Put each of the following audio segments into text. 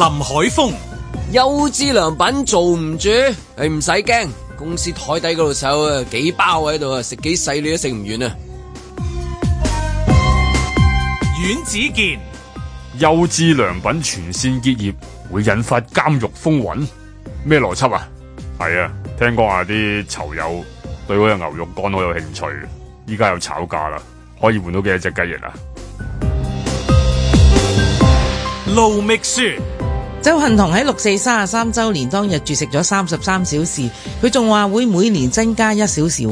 林海峰，優質良品做唔住，誒唔使驚，公司台底嗰度收啊，幾包喺度啊，食幾細你都食唔完啊。阮子健，優質良品全綫結業，會引發監獄風雲？咩邏輯啊？係啊，聽講話啲囚友對嗰隻牛肉乾好有興趣，依家又炒價啦，可以換到幾多隻雞翼啊？盧覓雪。鄒幸彤喺六四三十三周年當日絕食咗三十三小時，佢仲話會每年增加一小時。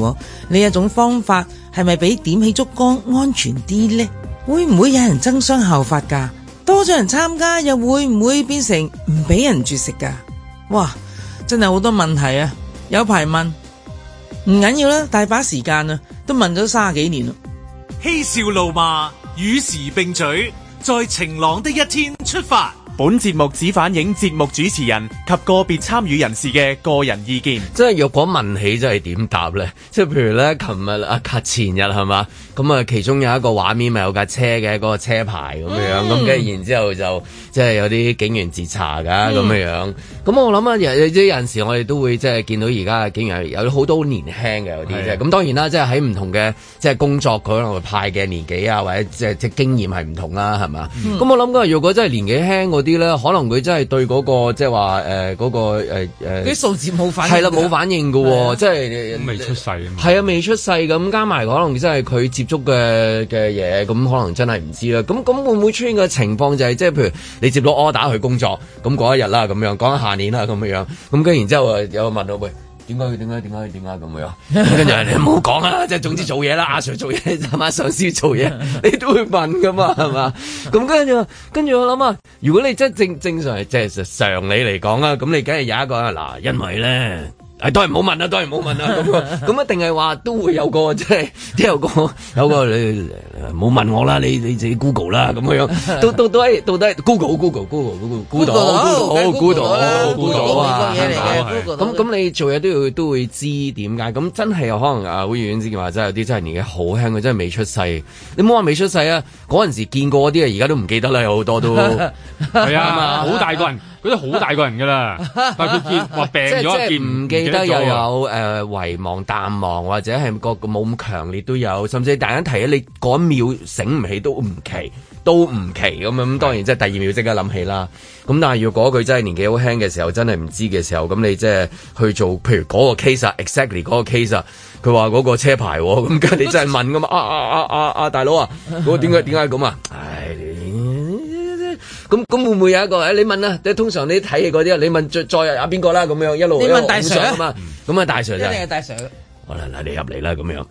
你一種方法係咪比點起燭光安全啲咧？會唔會有人爭相效法噶？多咗人參加又會唔會變成唔俾人絕食噶？哇！真係好多問題啊！有排問唔緊要啦，大把時間啊，都問咗卅幾年啦。嬉笑怒罵與時並舉，在晴朗的一天出發。本節目只反映節目主持人及個別參與人士嘅個人意見。即係若果問起，即係點答咧？即係譬如咧，琴日啊，及前日係嘛？咁啊，其中有一個畫面咪有架車嘅，個車牌咁樣，咁跟住然之後就即係有啲警員截查噶咁樣樣。咁我諗啊，有有陣時我哋都會即係見到而家嘅警員有好多年輕嘅有啲啫。咁當然啦，即係喺唔同嘅即係工作可能會派嘅年紀啊，或者即係即經驗係唔同啦，係嘛？咁我諗嗰若果真係年紀輕啲。可能佢真係對嗰、那個即係話誒嗰個誒啲、呃、數字冇反應係啦，冇反應嘅即係未出世。係啊，未出世咁，加埋可能真係佢接觸嘅嘅嘢，咁可能真係唔知啦。咁咁會唔會出現嘅情況就係、是，即係譬如你接到 order 去工作，咁嗰一日啦，咁樣講下年啦，咁樣樣，咁跟然之後誒有個問到喂。點解點解點解點解咁樣？跟住話你唔好講啊！即係總之做嘢啦，阿 Sir 做嘢，阿上司做嘢，你都會問噶嘛，係嘛？ 咁跟住話，跟住我諗啊，如果你真正正常，即係常理嚟講啦，咁你梗係有一個啊，嗱，因為咧。誒，當然唔好問啦，當然唔好問啦。咁咁一定係話都會有個即係，都有個有個你，冇問我啦，你你自己 Google 啦，咁樣。到到底到底 Google，Google，Google，Google，Google，Google，Google，Google，Google 啊！咁咁你做嘢都要都會知點解？咁真係又可能啊，好遠之前話真係有啲真係年紀好輕，佢真係未出世。你唔好話未出世啊，嗰陣時見過啲啊，而家都唔記得啦，有好多都係啊，好大個人。嗰啲好大個人噶啦，佢見話病咗，唔記得又有誒遺忘、淡忘或者係個冇咁強烈都有，甚至突然間提起你嗰一秒醒唔起都唔奇，都唔奇咁樣。咁當然即係第二秒即刻諗起啦。咁但係如果佢真係年紀好輕嘅時候，真係唔知嘅時候，咁你即係去做譬如嗰個 case 啊，Exactly 嗰個 case 啊，佢話嗰個車牌咁，你真係問噶嘛？啊啊啊啊啊！大佬啊，嗰個點解點解咁啊？唉。咁咁會唔會有一個？誒、哎，你問啦、啊，即係通常你睇戲嗰啲，你問再再入阿邊個啦，咁、啊、樣一路一路你問大常啊嘛。咁啊，嗯、大常、就係、一定係大常。好啦，嗱你入嚟啦，咁樣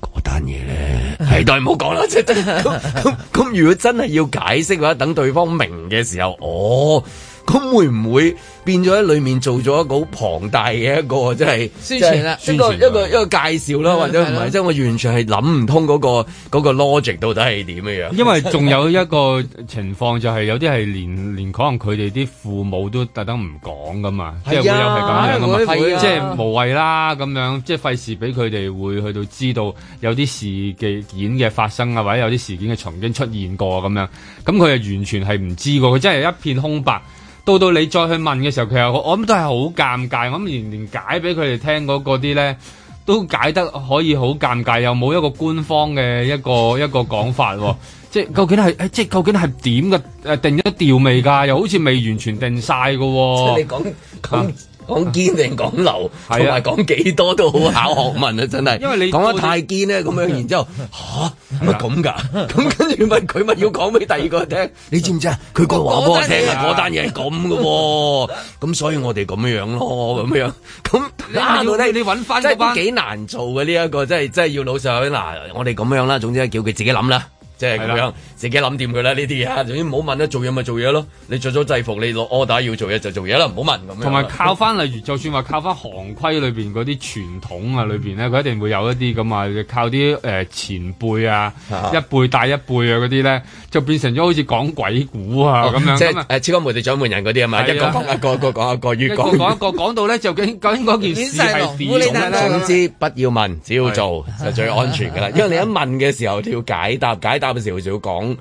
嗰單嘢咧，係都係唔好講啦。即係咁咁，如果真係要解釋嘅話，等對方明嘅時候，哦，咁會唔會？變咗喺裏面做咗一個好龐大嘅一個，即係宣傳傳啦，宣傳一個一個介紹啦，的或者唔係，即係的我完全係諗唔通嗰、嗰個的個 logic 到底係點嘅樣。因為仲有一個情況就係有啲係連 連可能佢哋啲父母都特登唔講噶嘛，的即係會有係咁樣嘅即係無謂啦咁樣，即係費事俾佢哋會去到知道有啲事件嘅發生啊，或者有啲事件嘅曾經出現過咁樣，咁佢就完全係唔知噶，佢真係一片空白。到到你再去問嘅時候，其實我我諗都係好尷尬，我諗連連解俾佢哋聽嗰啲咧，都解得可以好尷尬，又冇一個官方嘅一個一個講法，哦、 即係究竟係即係究竟係點嘅誒定咗調未㗎？又好似未完全定曬嘅喎。即係你講咁。啊 講堅定講流，同埋講幾多都好考學問啊！真係因為你講得太堅咧，咁樣、啊、 然之後吓，乜咁噶？咁跟住咪，佢，咪要講俾第二個聽？你知唔知啊？佢講話俾我聽啊！嗰單嘢係咁噶，咁 所以我哋咁樣咯，咁樣咁。阿、 啊、你揾翻嗰班，真係幾難做嘅呢一個，真係真係要老實。嗱、啊，我哋咁樣啦，總之叫佢自己諗啦。即係咁樣自己諗掂佢啦，呢啲嘢，總之唔好問啦，做嘢咪做嘢咯。你着咗制服，你攞 order 要做嘢就做嘢啦，唔好問咁，同埋靠翻，例如就算話靠翻行規裏邊嗰啲傳統啊，裏邊咧，佢一定會有一啲咁啊，靠啲誒前輩啊，一輩帶一輩啊嗰啲咧，就變成咗好似講鬼故啊咁樣。即係誒超級無敵掌門人嗰啲啊嘛，一個講一個講一個於講一個講一個講到咧，究竟究竟嗰件事係點，總之不要問，只要做就最安全噶啦。因為你一問嘅時候，要解答解答。時我就會講，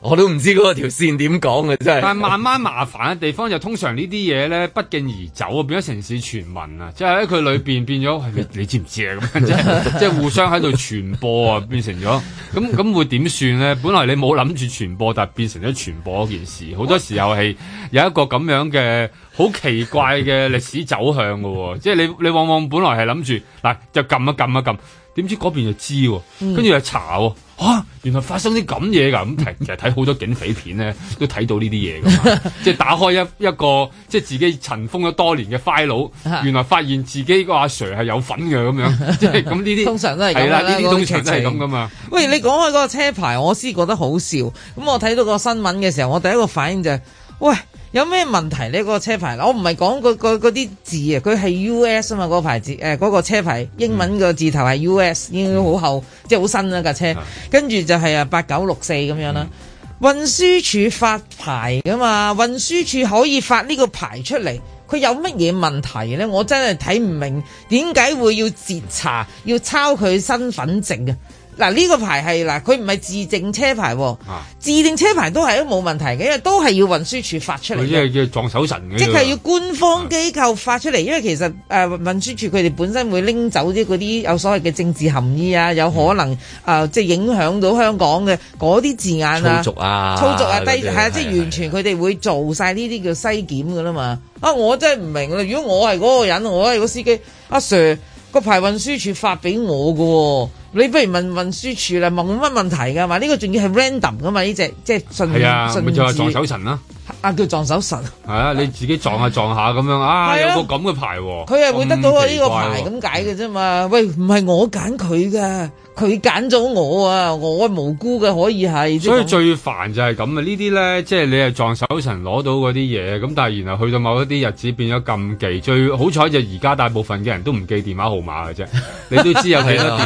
我都唔知嗰個條線點講嘅，真係。但係慢慢麻煩嘅地方就通常呢啲嘢咧不脛而走啊，變咗城市傳聞啊，即係喺佢裏邊變咗。你知唔知啊？咁樣即係即係互相喺度傳播啊，變成咗咁，咁會點算咧？本來你冇諗住傳播，但係變成咗傳播嗰件事，好多時候係有一個咁樣嘅好奇怪嘅歷史走向噶。即係你你往往本來係諗住嗱就撳一撳一撳，點知嗰邊就知，跟住又查。嗯哇、啊！原來發生啲咁嘢㗎，咁其實睇好多警匪片咧，都睇到呢啲嘢嘅嘛。 即係打開一一個，即係自己塵封咗多年嘅 file 佬，原來發現自己個阿 Sir 係有份嘅咁樣，即係咁呢啲。這這 通常都係咁啦，呢啲通常都係咁噶嘛。喂，你講開嗰個車牌，我先覺得好笑。咁我睇到個新聞嘅時候，我第一個反應就係、是、喂。有咩問題呢？嗰、嗰個車牌，我唔係講個嗰啲字啊，佢係 U.S 啊嘛，嗰、嗰個牌子誒，嗰、呃嗰個車牌英文個字頭係 U.S，應該好厚，即係好新啦架車。跟住就係啊八九六四咁樣啦。運輸署發牌噶嘛，運輸署可以發呢個牌出嚟，佢有乜嘢問題呢？我真係睇唔明點解會要截查，要抄佢身份證啊？.嗱，呢個牌係嗱，佢唔係自定車牌喎，自定車牌都係都冇問題嘅，因為都係要運輸處發出嚟。即係要撞手神嘅，即係要官方機構發出嚟。嗯、因為其實誒運輸處佢哋本身會拎走啲嗰啲有所謂嘅政治含義啊，有可能啊即係影響到香港嘅嗰啲字眼啊，操作啊，操作啊低係啊，即係完全佢哋會做晒呢啲叫西檢嘅啦嘛。啊，我真係唔明啦！如果我係嗰個人，我係個司機，阿 Sir 個牌運輸處發俾我嘅。你不如問運輸處啦，問乜問題噶？噶嘛，呢個仲要係 random 噶嘛？呢隻即係信信子。係啊，咪治就係撞手神啦，啊。啊，叫撞手神。係啊，你自己撞下撞下咁樣啊，啊有個咁嘅牌喎。佢係會得到呢個牌咁解嘅啫嘛？喂，唔係我揀佢噶。佢揀咗我啊！我無辜嘅可以係，所以最煩就係咁啊！呢啲咧，即係你係撞手神攞到嗰啲嘢，咁但係然後去到某一啲日子變咗禁忌。最好彩就而家大部分嘅人都唔記電話號碼嘅啫，你都知有幾多，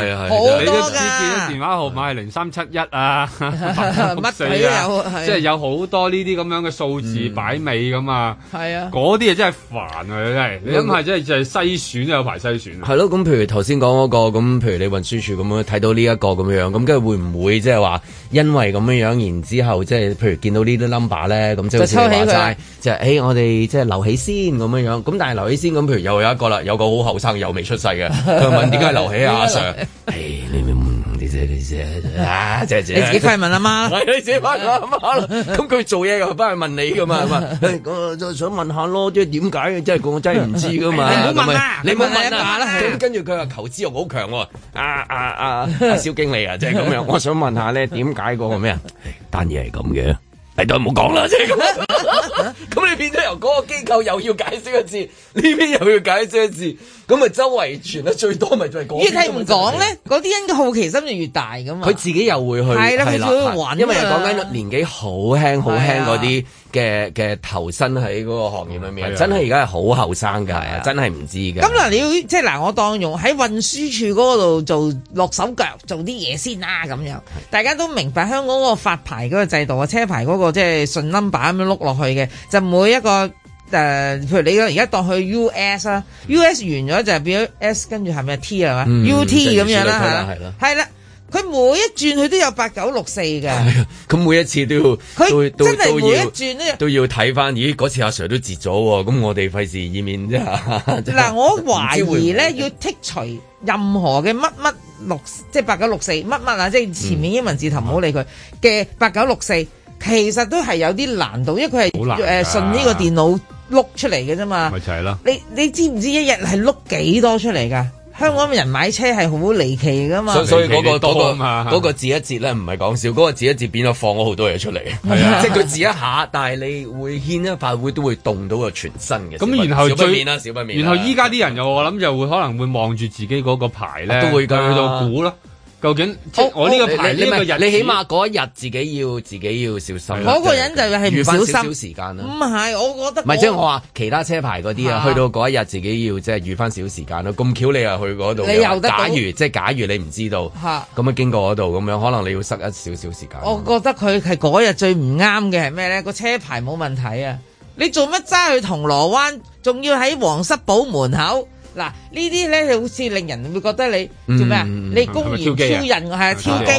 你都知電話號碼係零三七一啊，乜鬼啊！即係 有好多呢啲咁樣嘅數字擺尾咁啊，係啊、嗯，嗰啲嘢真係煩啊！真係，你諗下真係就係篩選有排篩選啊！係咯，咁譬如頭先講嗰個，咁譬如你運輸處咁樣睇。到呢一個咁樣，咁跟住會唔會即係話因為咁樣，然之後即係譬如見到呢啲 number 咧，咁即好似你話齋，就係誒，我哋即係留起先咁樣樣。咁但係留起先咁，譬如又有一個啦，有個好後生又未出世嘅，佢 問點解留起阿 Sir？誒你明唔明？ 上 你啊，借借你自己翻去問阿媽，你自己翻去阿媽啦。咁佢做嘢又翻去問你噶嘛？咁啊，就想問下咯，即係點解？即係我真係唔知噶嘛。你問啦，你問問一下啦。咁跟住佢話求資又好強喎。啊啊啊，小經理啊，即係咁樣。我想問下咧，點解個咩啊單嘢係咁嘅？你都唔好講啦，即係咁。咁你變咗由嗰個機構又要解釋一次，呢邊又要解釋一次。咁咪周圍傳得最多，咪就係講。越係唔講咧，嗰啲人嘅好奇心就越大噶嘛。佢自己又會去，係啦，佢做去玩。因為講緊年紀好輕、好輕嗰啲嘅嘅投身喺嗰個行業裏面，真係而家係好後生㗎，係啊，真係唔知嘅。咁嗱，你要即係嗱，我當用喺運輸署嗰度做落手腳，做啲嘢先啦。咁樣大家都明白香港嗰個發牌嗰個制度啊，車牌嗰個即係順 number 咁樣碌落去嘅，就每一個。誒，譬如你而家當佢 U S 啦 U S 完咗就係變咗 S，跟住下面係 T 係咪 U T 咁樣啦嚇，係啦，佢每一轉佢都有八九六四嘅，咁每一次都要，佢真係每一轉都要睇翻，咦嗰次阿 Sir 都截咗喎，咁我哋費事以免啫嚇。嗱，我懷疑咧要剔除任何嘅乜乜六，即係八九六四乜乜啊，即係前面英文字頭唔好理佢嘅八九六四，其實都係有啲難度，因為佢係好難，誒信呢個電腦。碌出嚟嘅啫嘛，咪就係咯。你你知唔知一日係碌幾多出嚟噶？香港人買車係好離奇噶嘛所。所以嗰、嗰個嗰、嗰個、嗰個折一折咧，唔係講笑，嗰、嗰個字一折變咗放咗好多嘢出嚟，係 啊，即係佢字一下，但係你會牽一髮會都會動到個全身嘅。咁然後免，小小小然後依家啲人又我諗就會可能會望住自己嗰個牌咧、啊，都會去到估啦。究竟我呢個牌，呢個日，你起碼嗰一日自己要自己要小心。我個人就係唔小心少少時間啦。唔係，我覺得。唔係即係我話其他車牌嗰啲啊，去到嗰一日自己要即係預翻少時間咯。咁巧你又去嗰度，你又得。假如即係假如你唔知道，咁樣經過嗰度，咁樣可能你要塞一少少時間。我覺得佢係嗰日最唔啱嘅係咩咧？個車牌冇問題啊，你做乜揸去銅鑼灣，仲要喺皇室堡門口？嗱，呢啲咧好似令人會覺得你做咩啊？你公然超人，係啊，超機，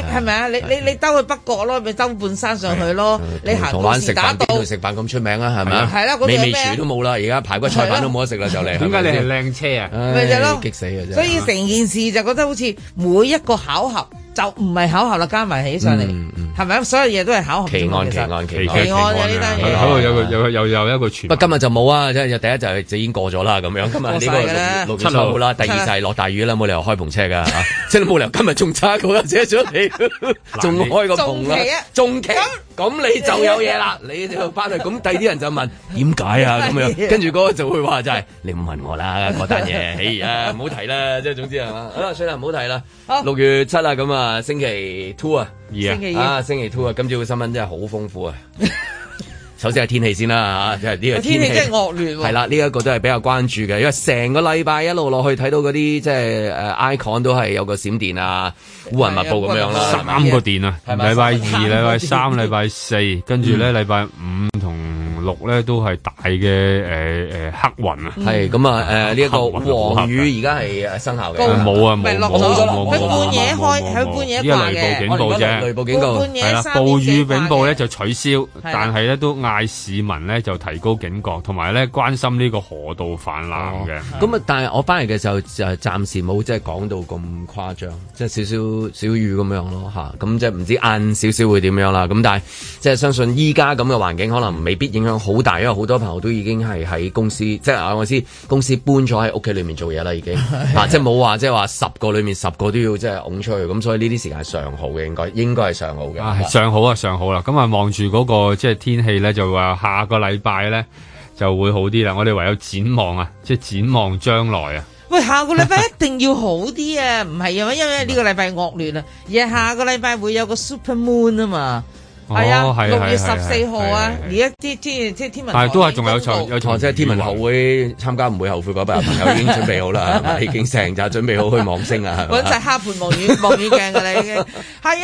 你係咪啊？你你你兜去北角咯，咪兜半山上去咯，你行食飯店食飯咁出名啊，係咪啊？係啦，嗰啲咩都冇啦，而家排骨菜粉都冇得食啦，就嚟。點解你係靚車啊？咪就係咯，激死嘅啫。所以成件事就覺得好似每一個巧合。就唔係巧合啦，加埋起上嚟，係咪？所有嘢都係巧合。奇案，奇案，奇奇案啊！呢單嘢，有有有一個傳。不過今日就冇啊，即係第一就係已經過咗啦，咁樣。今日呢個六六月初啦，第二就係落大雨啦，冇理由開篷車噶嚇，即係真冇理由，今日仲差過啊！謝左嚟，仲開個篷啦，仲奇。咁你就有嘢啦，你就翻去。咁第二啲人就問點解 啊？咁樣，跟住嗰個就會話就係、是， 你唔問我啦，嗰單嘢，哎呀， 唔好提啦。即係總之係嘛，好啦，算啦，唔好提啦。六月七啊，咁啊，星期 two 啊，星期二啊，Yeah. 星期 two 啊，啊，今朝嘅新聞真係好豐富啊！ 首先係天氣先啦嚇，即係呢個天氣真係惡劣。係啦，呢一個都係比較關注嘅，因為成個禮拜一路落去睇到嗰啲即係誒 icon 都係有個閃電啊、烏雲密佈咁樣啦，三個電啊，禮拜二、禮拜三、禮拜四，跟住咧禮拜五同六咧都係大嘅誒誒黑雲啊。係咁啊，誒呢一個黃雨而家係生效嘅。冇啊，落咗落去半夜開，半夜掛嘅。呢個雷暴警告啫，雷暴警告。半夜暴雨警報咧就取消，但係咧都嗌市民咧就提高警覺，同埋咧關心呢個河道泛濫嘅。咁啊、oh, 就是，但係我翻嚟嘅時候就暫時冇即係講到咁誇張，即係少少小雨咁樣咯吓。咁即係唔知晏少少會點樣啦。咁但係即係相信依家咁嘅環境，可能未必影響好大，因為好多朋友都已經係喺公司，即係啊我知公司搬咗喺屋企裏面做嘢啦，已經吓， 即係冇話即係話十個裏面十個都要即係㧬出去。咁所以呢啲時間係上好嘅，應該應該係上好嘅。上好啊，上好啦。咁啊，望住嗰個即係天氣咧就。話下個禮拜咧就會好啲啦，我哋唯有展望啊，即係展望將來啊。喂，下個禮拜一定要好啲啊，唔係 因為呢個禮拜惡劣啊，而係下個禮拜會有個 super moon 啊嘛。係啊，六月十四號啊，而家天天即係天文，但係都係仲有坐有坐，即係天文學會參加唔會後悔嗰班朋友已經準備好啦，係嘛，已經成日準備好去望星啊，揾晒哈盤望遠望遠鏡嘅咧，已經係啊，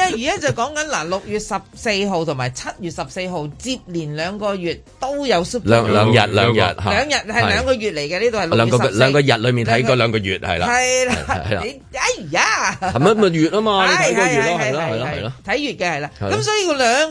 而家就講緊嗱，六月十四號同埋七月十四號接連兩個月都有 super，兩兩日兩日，兩日係兩個月嚟嘅呢度係，兩個兩個日裏面睇嗰兩個月係啦，係啦，係啊，哎呀，咁啊咪一個月啊嘛，兩個月咯係咯係咯係咯，睇月嘅係啦，咁所以個兩。巨巨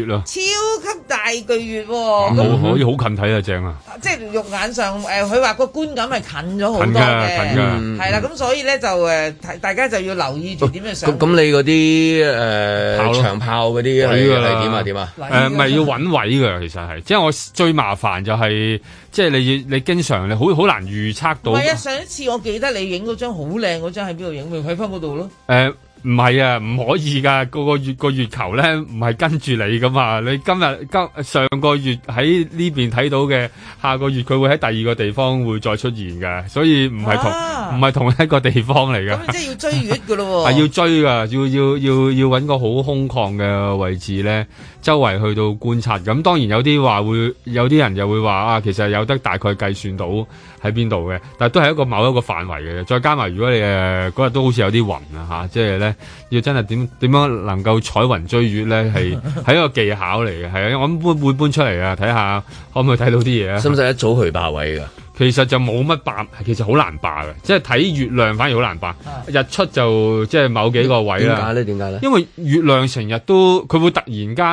月咯，超級大巨月，咁可以好近睇啊正啊，即係肉眼上，誒，佢話個觀感係近咗好多嘅，係啦，咁所以咧就誒，大家就要留意住點樣上。咁你嗰啲誒長炮嗰啲係點啊點啊？誒，唔係要揾位噶，其實係，即係我最麻煩就係，即係你要你經常你好好難預測到。唔係啊，上一次我記得你影嗰張好靚嗰張喺邊度影？咪喺翻嗰度咯。誒。唔係啊，唔可以噶。個個月個月球咧，唔係跟住你噶嘛。你今日今上個月喺呢邊睇到嘅，下個月佢會喺第二個地方會再出現嘅，所以唔係同唔係、啊、同一個地方嚟嘅。即係、啊、要追月噶咯喎？係 啊、要追噶，要要要要搵個好空曠嘅位置咧，周圍去到觀察。咁當然有啲話會，有啲人又會話啊，其實有得大概計算到喺邊度嘅，但係都係一個某一個範圍嘅。再加埋如果你誒嗰日都好似有啲雲啊嚇，即係咧。要真係點點樣能夠彩雲追月咧，係係一個技巧嚟嘅。係啊，我諗會搬出嚟啊，睇下可唔可以睇到啲嘢啊？使唔使一早去霸位噶？其實就冇乜霸，其實好難霸嘅，即係睇月亮反而好難霸。日出就即係某幾個位啦。點解咧？點解咧？為呢因為月亮成日都佢會突然間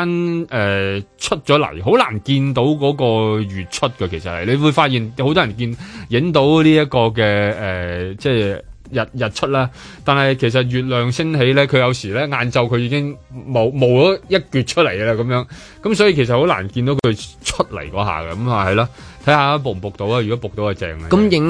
誒、呃、出咗嚟，好難見到嗰個月出嘅。其實係你會發現好多人見影到呢一個嘅誒、呃，即係。日日出啦，但係其實月亮升起咧，佢有時咧晏晝佢已經冇冒咗一橛出嚟嘅啦，咁樣咁、嗯、所以其實好難見到佢出嚟嗰下嘅，咁啊係咯，睇、嗯、下捕唔捕到啊，如果捕到係正嘅。咁影誒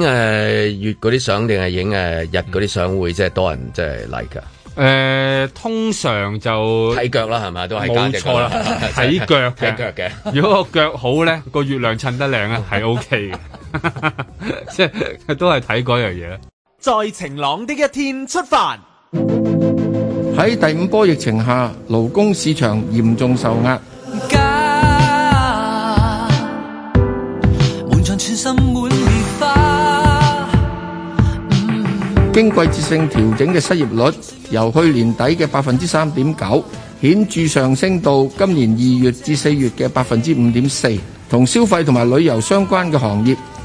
月嗰啲相定係影誒日嗰啲相會即係多人即係嚟噶？誒、呃，通常就睇腳啦，係咪？都係冇錯啦，睇腳嘅。腳嘅 的， 腳的如果個腳好咧，個月亮襯得靚啊，係 OK 嘅，即 係都係睇嗰樣嘢。在晴朗的一天出發。喺第五波疫情下，勞工市場嚴重受壓。家、嗯、經季節性調整嘅失業率，由去年底嘅百分之三點九，顯著上升到今年二月至四月嘅百分之五點四，同消費同埋旅遊相關嘅行業。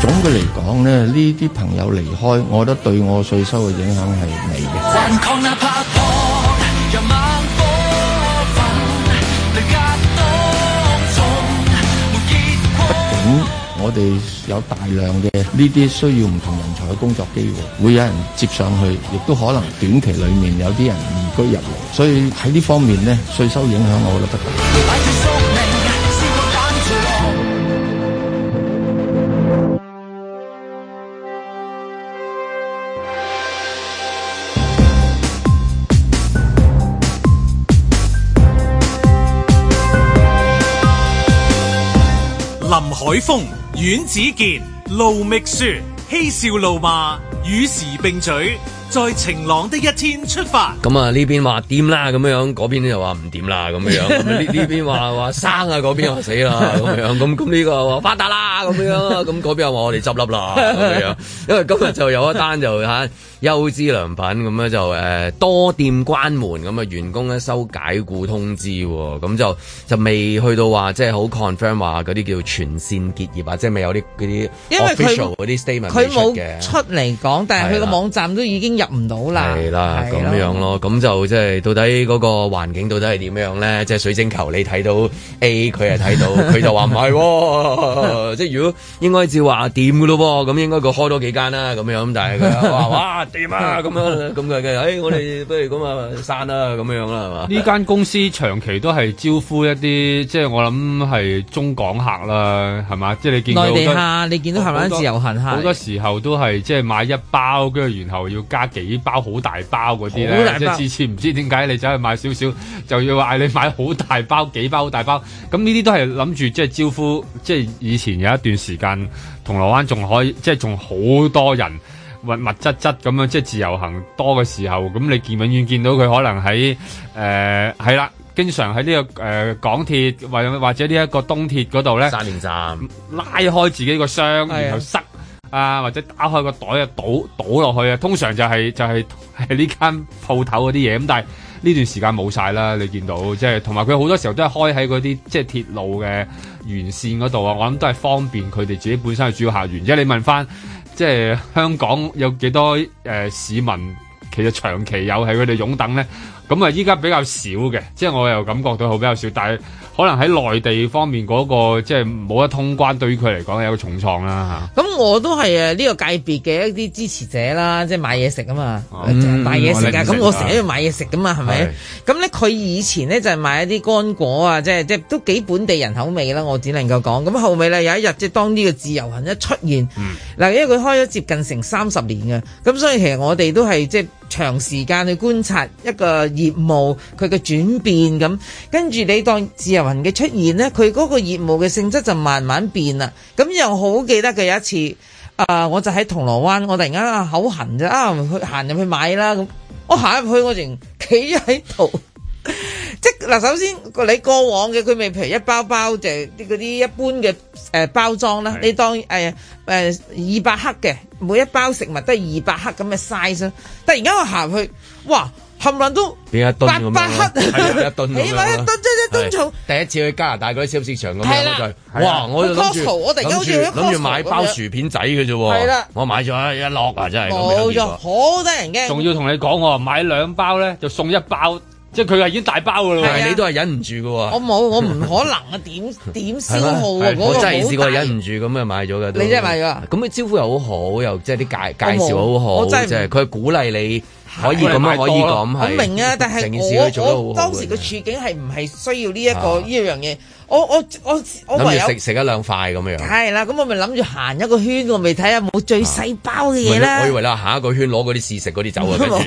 總嘅嚟講咧，呢啲朋友離開，我覺得對我稅收嘅影響係微嘅。畢竟 我哋有大量嘅呢啲需要唔同人才嘅工作機會，會有人接上去，亦都可能短期裡面有啲人移居入嚟，所以喺呢方面咧，稅收影響我覺得大。 海峰、阮子健、盧覓雪，嬉笑怒罵，與時並舉。在晴朗的一天出發。咁啊，呢邊話掂啦，咁樣樣、啊，邊就話唔掂啦，咁樣樣、啊。呢呢邊話話生啊，邊話死啦，咁樣、啊。咁咁呢個發達啦，咁樣、啊。咁嗰邊又話我哋執笠啦，咁樣樣，因為今日就有一單就吓優之良品咁樣、啊、就誒、呃、多店關門咁啊員工咧收解雇通知、啊，咁就就未去到話即係好 confirm 話啲叫全線結業啊，即係未有啲啲 official 啲 statement 因為佢冇些出嚟講，但係佢個網站都已經。入唔到啦，係啦的，咁樣咯，咁就即係到底嗰個環境到底係點樣咧？即係水晶球你睇到 A，佢係睇到，佢就話唔係，即係 如果應該照話掂噶咯，咁應該佢開多幾間啦，咁樣，但係佢話哇掂啊，咁樣，咁佢嘅，唉、哎，我哋不如咁啊，散啦，咁樣樣啦，係嘛？呢間公司長期都係招呼一啲，即係我諗係中港客啦，係嘛？即係你內地客，你見到香港自由行客，好多，多，多時候都係即係買一包，跟住然後要加。幾包好大包嗰啲咧，啊、即係次次唔知點解你走去買少少，就要話你買好大包，幾包好大包。咁呢啲都係諗住即係招呼，即係以前有一段時間銅鑼灣仲可以，即係仲好多人運物質質咁樣，即係自由行多嘅時候，咁你見永遠見到佢可能喺誒係啦，經常喺呢、這個誒、呃、港鐵或或者呢一個東鐵嗰度咧，站拉開自己個箱，然後塞。啊，或者打開個袋啊，倒倒落去啊，通常就係、係、就係係呢間鋪頭嗰啲嘢，咁但係呢段時間冇晒啦，你見到，即係同埋佢好多時候都係開喺嗰啲即係鐵路嘅沿線嗰度啊，我諗都係方便佢哋自己本身嘅主要客源。即係你問翻，即係香港有幾多誒、呃、市民其實長期有喺佢哋擁等咧？咁啊，依家比較少嘅，即係我又感覺到好比較少，但係。可能喺內地方面嗰個即係冇得通關，對於佢嚟講有重創啦嚇。咁我都係誒呢個界別嘅一啲支持者啦，即係買嘢食啊嘛，嗯、買嘢食啊。咁、嗯、我成日要買嘢食噶嘛，係咪？咁咧佢以前咧就係買一啲乾果啊，即係即係都幾本地人口味啦。我只能夠講。咁後尾咧有一日即係當呢個自由行一出現，嗱、嗯，因為佢開咗接近成三十年嘅，咁所以其實我哋都係即係長時間去觀察一個業務佢嘅轉變咁，跟住你當自由。嘅出現咧，佢嗰個業務嘅性質就慢慢變啦。咁又好記得嘅有一次，啊、呃，我就喺銅鑼灣，我突然間啊口痕啫，啊去行入去買啦咁，我行入去我仲企喺度， 即嗱、呃、首先你過往嘅佢未譬如一包包就係啲嗰啲一般嘅誒、呃、包裝啦，你當誒誒二百克嘅每一包食物都係二百克咁嘅 size，突然間我行入去，哇！冚唪唥都百百克，你買一噸，你買一噸，即係一噸重。第一次去加拿大嗰啲超市場咁樣，我就哇！我托淘，我哋而家好似諗住買包薯片仔嘅啫，我買咗一落啊！真係冇錯，好得人驚。仲要同你講，買兩包咧就送一包，即係佢話已經大包啦，但你都係忍唔住嘅。我冇，我唔可能啊，點點消耗啊！我真係試過忍唔住咁啊，買咗嘅你真係買啊！咁佢招呼又好好，又即係啲介介紹好好，即係佢係鼓勵你。可以咁係，我明啊，但係我我當時嘅處境係唔係需要呢一個呢樣嘢？我我我我唯有食食一兩塊咁樣。係啦，咁我咪諗住行一個圈，我咪睇下冇最細包嘅嘢啦。我以為啦，行一個圈攞嗰啲試食嗰啲走啊。我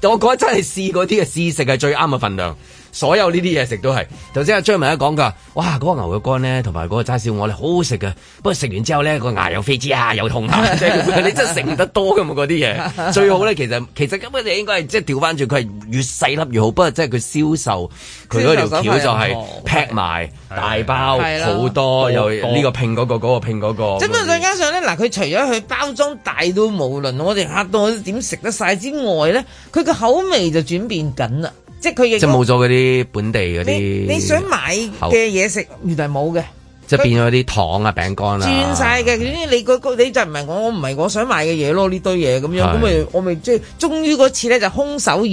覺得真係試嗰啲啊，試食係最啱嘅份量。所有呢啲嘢食都係，頭先阿張文一講噶，哇嗰、那個牛肉乾咧，同埋嗰個齋燒鵝咧，好好食噶。不過食完之後咧，個牙又飛滋啊，又痛啊！你、就是、真係食得多噶嘛？嗰啲嘢最好咧，其實其實根本就應該係即係掉翻轉，佢係越細粒越好。不過即係佢銷售佢嗰條橋就係劈埋大包好多，又呢個拼嗰個，嗰個拼嗰個。咁再加上咧，嗱佢除咗佢包裝大到無論，我哋吓到點食得晒之外咧，佢個口味就轉變緊啦。即係佢亦即係冇咗嗰啲本地嗰啲，你想買嘅嘢食原嚟冇嘅，即係變咗啲糖啊、餅乾啊，轉晒嘅。總之你個個你就唔係我，我唔係我想買嘅嘢咯。呢堆嘢咁樣，咁咪我咪即係終於嗰次咧就空手而回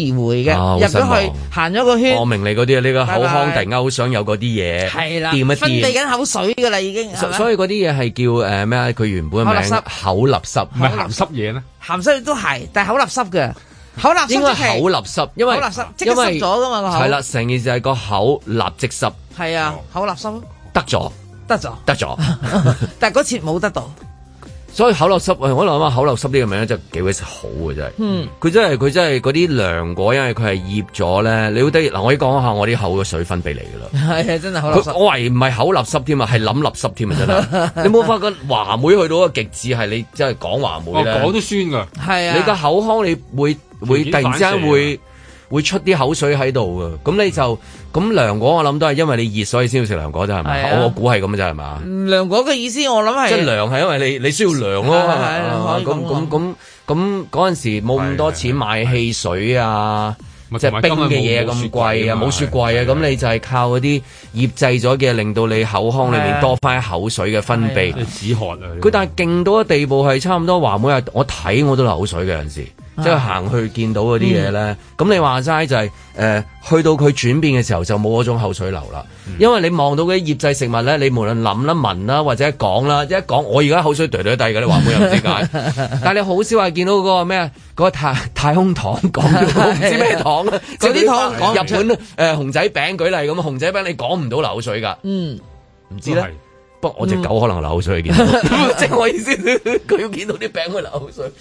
嘅。入咗去行咗個圈，我明你嗰啲啊，你個口腔突然間好想有嗰啲嘢，係啦，墊一墊分泌緊口水噶啦，已經。所以嗰啲嘢係叫誒咩啊？佢原本口立濕，口立濕唔係鹹濕嘢咧，鹹濕嘢都係，但係口立濕嘅。口立濕，因為口立濕，因為因為食咗噶嘛，係啦，成件事係個口立即濕，係啊，口立濕，得咗，得咗，得咗，但係嗰次冇得到，所以口立濕我諗下口立濕呢個名真係幾好嘅真係，佢真係佢真係嗰啲涼果，因為佢係醃咗咧，你都得，嗱，我講下我啲口嘅水分俾你噶啦，係啊，真係口立濕，我唔係口立濕添啊，係諗立濕添啊，真係，你冇發覺華梅去到個極致係你真係講華梅，咧，講都酸噶，係啊，你個口腔你會。會突然之間會會出啲口水喺度㗎，咁你就咁涼果，我諗都係因為你熱所以先要食涼果，真係咪？我估係咁嘅啫，係嘛？涼果嘅意思，我諗係即係涼係因為你你需要涼咯。咁咁咁咁嗰陣時冇咁多錢買汽水啊，即係冰嘅嘢，咁貴啊，冇雪櫃啊，咁你就係靠嗰啲醃製咗嘅，令到你口腔裏面多翻口水嘅分泌，止渴。佢但係勁到嘅地步係差唔多，話每日我睇我都流水嘅陣時。即係行去見到嗰啲嘢咧，咁、嗯嗯、你話齋就係、係、誒、呃、去到佢轉變嘅時候，就冇嗰種口水流啦。嗯、因為你望到嗰啲醃製食物咧，你無論諗啦、聞啦或者講啦，一講我而家口水堆堆底嘅，你話冇有世界！ 但係你好少話見到嗰個咩啊？嗰、嗰個太太空糖，講住唔知咩糖啲 糖日本誒熊、 呃、仔餅，舉例咁啊，熊仔餅你講唔到流水噶，嗯，唔知咧。不過、嗯、我隻狗可能流水見到，即 係我意思，佢 要見到啲餅去流水。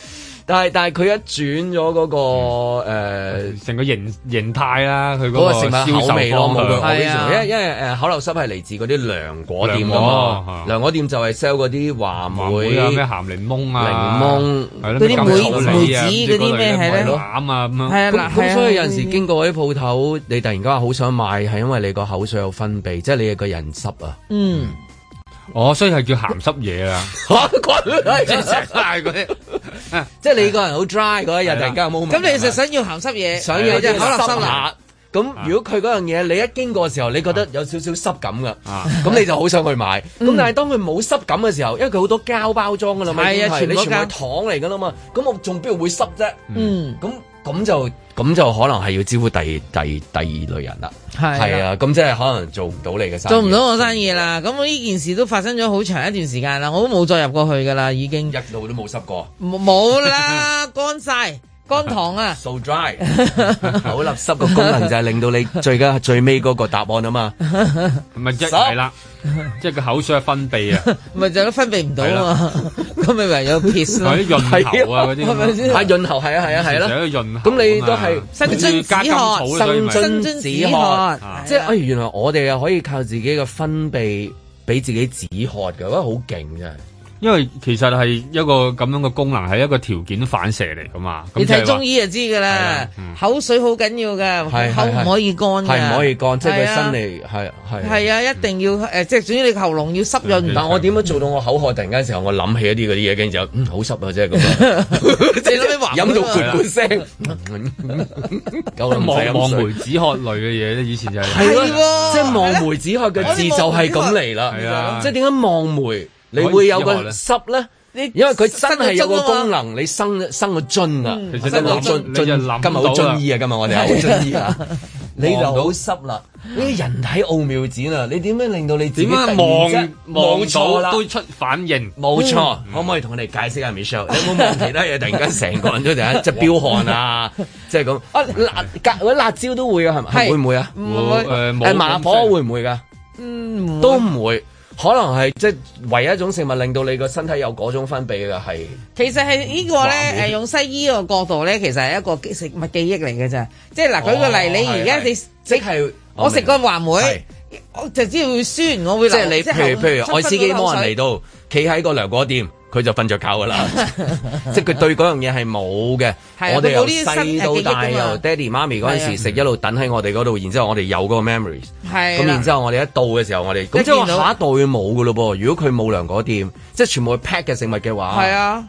但係但係佢一轉咗嗰個成個形形態啦，佢嗰個食物口味係啊，因為因為誒口流濕係嚟自嗰啲涼果店㗎嘛，涼果店就係 sell 嗰啲話梅啊咩鹹檸檬啊，檸檬嗰啲梅子嗰啲咩係咯，檸啊咁樣。係啊嗱，咁所以有陣時經過嗰啲鋪頭，你突然間話好想買，係因為你個口水有分泌，即係你係個人濕啊。嗯。哦，所以係叫鹹濕嘢啊！我覺得係最食曬嗰啲，即係你個人好 dry 嗰一日，突然間又冇咁，你其實想要鹹濕嘢，想嘢即係鹹濕辣。咁如果佢嗰樣嘢，你一經過嘅時候，你覺得有少少濕感噶，咁你就好想去買。咁但係當佢冇濕感嘅時候，因為佢好多膠包裝噶啦嘛，係啊，全部都係糖嚟噶啦嘛，咁我仲邊會濕啫？嗯，咁。咁就咁就可能係要招呼第第二第二類人啦，係是啊，啊，咁即係可能做唔到你嘅生意，做唔到我生意啦。咁我呢件事都發生咗好長一段時間啦，我都冇再入過去噶啦，已經一路都冇濕過，冇啦，乾晒。 乾糖啊，好垃圾個功能就係令到你最加最尾嗰個答案啊嘛，咪一即係啦，即係個口水係分泌啊，咪就係分泌唔到啊嘛，咁咪咪有撇咯啲潤喉啊嗰啲，係潤喉係啊係啊係潤喉。咁你都係生津止渴，生生津止渴，即係，哎，原來我哋又可以靠自己個分泌，俾自己止渴噶，哇，好勁真係。因為其實係一個咁樣嘅功能，係一個條件反射嚟噶嘛。你睇中醫就知噶啦，口水好緊要噶，口唔可以乾噶。係唔可以乾，即係佢身嚟，係係。係啊，一定要誒，即係總之你喉嚨要濕潤。但我點樣做到我口渴突然間嘅時候，我諗起一啲嗰啲嘢，跟住就嗯好濕啊，即係咁。即係諗起話飲到半半聲，夠啦！望梅止渴類嘅嘢以前就係係咯，即係望梅止渴嘅字就係咁嚟啦。係啊，即係點解望梅？你會有個濕咧？你因為佢真係有個功能，你生生個津啊，生個津，今日好中醫啊，今日我哋係中醫啊，你就好濕啦，呢啲人體奧妙展啊，你點樣令到你自己？點啊，望望到都出反應，冇錯，可唔可以同我哋解釋下 Michelle？有冇冇其他嘢突然間成個人都突然間即係飆汗啊？即係咁啊辣，嗰啲辣椒都會噶係嘛？會唔會啊？唔會誒，麻婆會唔會噶？嗯，都唔會。可能係即係唯一一種食物令到你個身體有嗰種分泌嘅。係，其實係呢個咧，誒用西醫個角度咧，其實係一個食物記憶嚟嘅啫。即係嗱，舉個例，你而家你即係我食個話梅，我就知道會酸，我會即係你譬如譬如我司機冇人嚟到企喺個涼果店。佢就瞓着覺噶啦，即係佢對嗰樣嘢係冇嘅。我哋由細到大，由爹哋媽咪嗰陣時食，一路等喺我哋嗰度，然之後我哋有嗰個 memories。係咁，然之後我哋一到嘅時候，我哋咁即係下一代會冇噶咯噃。如果佢冇糧果店，即係全部係 pack 嘅食物嘅話，係啊。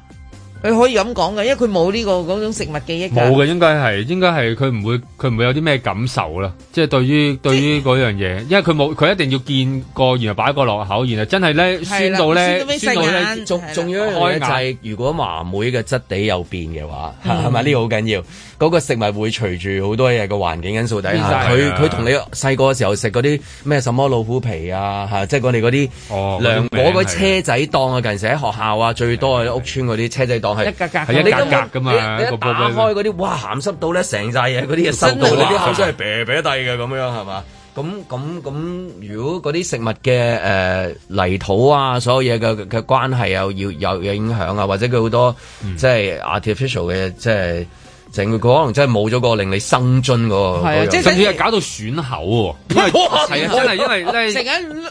佢、哎、可以咁講嘅，因為佢冇呢個嗰種食物記憶。冇嘅，應該係應該係佢唔會佢唔會有啲咩感受啦。即係對於對於嗰樣嘢，因為佢冇佢一定要見過，然後擺個落口，然後真係呢酸到呢酸到呢，仲仲要開眼。就係、如果麻妹嘅質地有變嘅話，嚇係咪呢個好緊要？嗰個食物會隨住好多嘢嘅環境因素底下，佢佢同你細個嘅時候食嗰啲咩什麼老虎皮啊，嚇，即係我哋嗰啲，哦，涼果車仔檔啊，的尤其是喺學校啊，最多啊屋村嗰啲車仔檔係一格格，一格格噶嘛，一打開嗰啲，哇鹹濕到咧，成扎嘢嗰啲嘢收到你啲口水係啤啤低嘅咁樣係嘛？咁咁咁，如果嗰啲食物嘅誒泥土啊，所有嘢嘅嘅關係又要有影響啊，或者佢好多即係 artificial 嘅即係。嗯成個可能真係冇咗個令你生津嗰個，即係甚至係搞到損口喎。係啊，真係因為成日，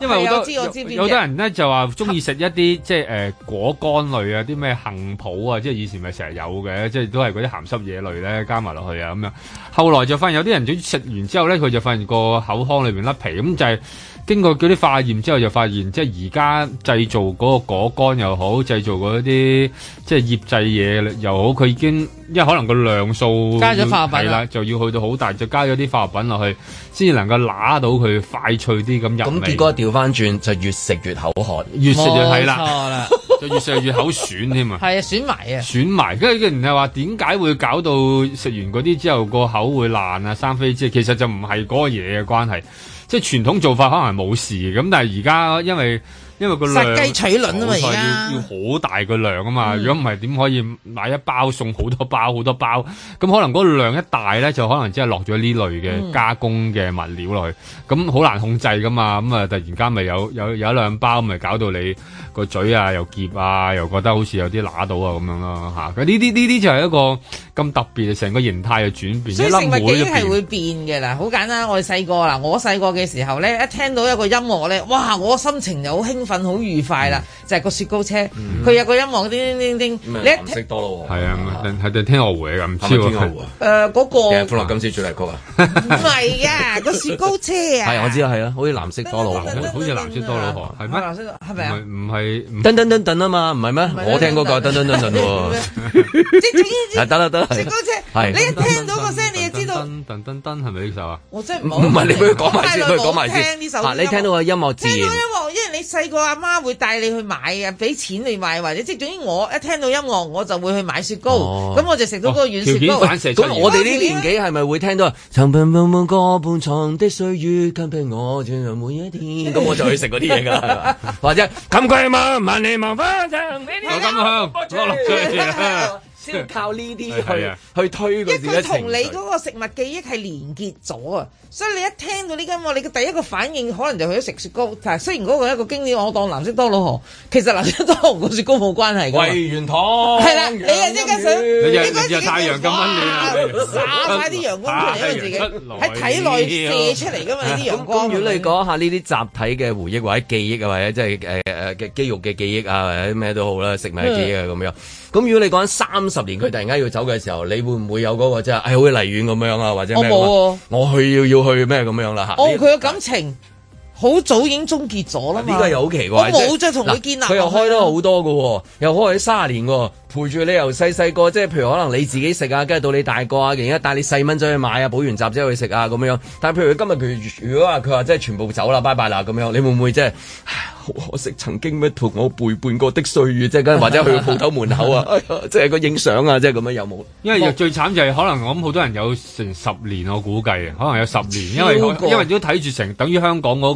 因為好多好多人咧就話中意食一啲即係誒、呃、果乾類啊，啲咩杏脯啊，即係以前咪成日有嘅，即係都係嗰啲鹹濕嘢類咧加埋落去啊咁樣。後來就發現有啲人就食完之後咧，佢就發現個口腔裏面甩皮，咁就係、是。經過嗰啲化驗之後，就發現即係而家製造嗰個果乾又好，製造嗰啲即係醃製嘢又好，佢已經因為可能個量數加咗化學品啦，就要去到好大，就加咗啲化學品落去，先至能夠揦到佢快脆啲咁入味。咁結果調翻轉就越食越口渴，越食越係啦，就越食越口損添嘛，係啊，損埋啊！損埋，因為唔係話點解會搞到食完嗰啲之後個口會爛啊、生飛枝？其實就唔係嗰個嘢嘅關係。即係傳統做法可能係冇事咁，但係而家因為。因為個量殺雞取卵啊嘛，要要好大個量啊嘛，如果唔係點可以買一包送好多包好多包？咁可能嗰個量一大咧，就可能即係落咗呢類嘅加工嘅物料落去，咁好難控制噶嘛。咁啊，突然間咪有有有一兩包，咪搞到你個嘴啊又澀啊，又覺得好似有啲乸到啊咁樣咯嚇。咁呢啲呢啲就係一個咁特別嘅成個形態嘅轉變。所以食物機係會變嘅啦，好簡單。我哋細個嗱，我細個嘅時候咧，一聽到一個音樂咧，哇！我心情就好興。瞓好愉快啦，就係個雪糕車，佢有個音樂叮叮叮叮，你一聽係啊，係對聽樂會咁，唔知喎，誒嗰個，其實歡樂今宵主題曲啊，唔係啊，個雪糕車啊，係我知道，係啊，好似藍色多瑙河，好似藍色多瑙河，藍色，係咪？唔係，等等等等啊嘛，唔係咩？我聽嗰個等等等等喎，即係聽，等等等等。雪糕車你一聽到個聲你。噔噔噔噔，係咪呢首啊？我真唔唔係你俾佢講埋先，佢講埋先。聽呢首，吓你聽到個音樂自然。聽音樂，因為你細個阿媽會帶你去買嘅，俾錢你買，或者即係總之，我一聽到音樂，我就會去買雪糕。咁我就食到嗰個軟雪糕。咁，我哋呢年紀係咪會聽到？曾盼望過半長的歲月，跟陪我度過每一天。咁我就去食嗰啲嘢噶，或者金龜嘛？萬里望花長邊。有咁香，落落水啊！都要靠呢啲去是是是去推佢。因為佢同你嗰個食物記憶係連結咗啊，所以你一聽到呢、這、根、個，你嘅第一個反應可能就去咗食雪糕。但雖然嗰個係一個經典，我當藍色多瑙河，其實藍色多瑙河同雪糕冇關係㗎。桂圓糖係啦，你啊，呢個想，太陽咁己哇，撒曬啲陽光出嚟，因為自己喺體內射出嚟㗎嘛，呢啲、啊陽，啊啊、陽光。如果、啊、你講下呢啲集體嘅回憶或者記憶，或者即係誒誒肌肉嘅記憶啊，或者咩都好啦，食物嘅記憶啊，咁樣。咁如果你講緊三十年佢突然間要走嘅時候，你會唔會有嗰、嗰個即係唉好似離遠咁樣啊，或者咩？我冇、啊，我去要要去咩咁樣啦吓。哦，佢嘅感情好但早已經終結咗啦。呢個又好奇怪。我冇即係同佢建立。佢又開得好多嘅，又開咗三十年。陪住你由細細個，即係譬如可能你自己食啊，跟住到你大個啊，而家帶你細蚊仔去買啊，補完習之後去食啊咁樣。但係譬如今日，佢如果話佢話即係全部走啦，拜拜啦咁樣，你會唔會即係可惜曾經咩同我背叛過的歲月？即係或者去鋪頭門口啊、 哎，即係個影相啊，即係咁樣有冇？因為最慘就係可能我諗好多人有成十年，我估計可能有十年，因為過因為都睇住成，等於香港嗰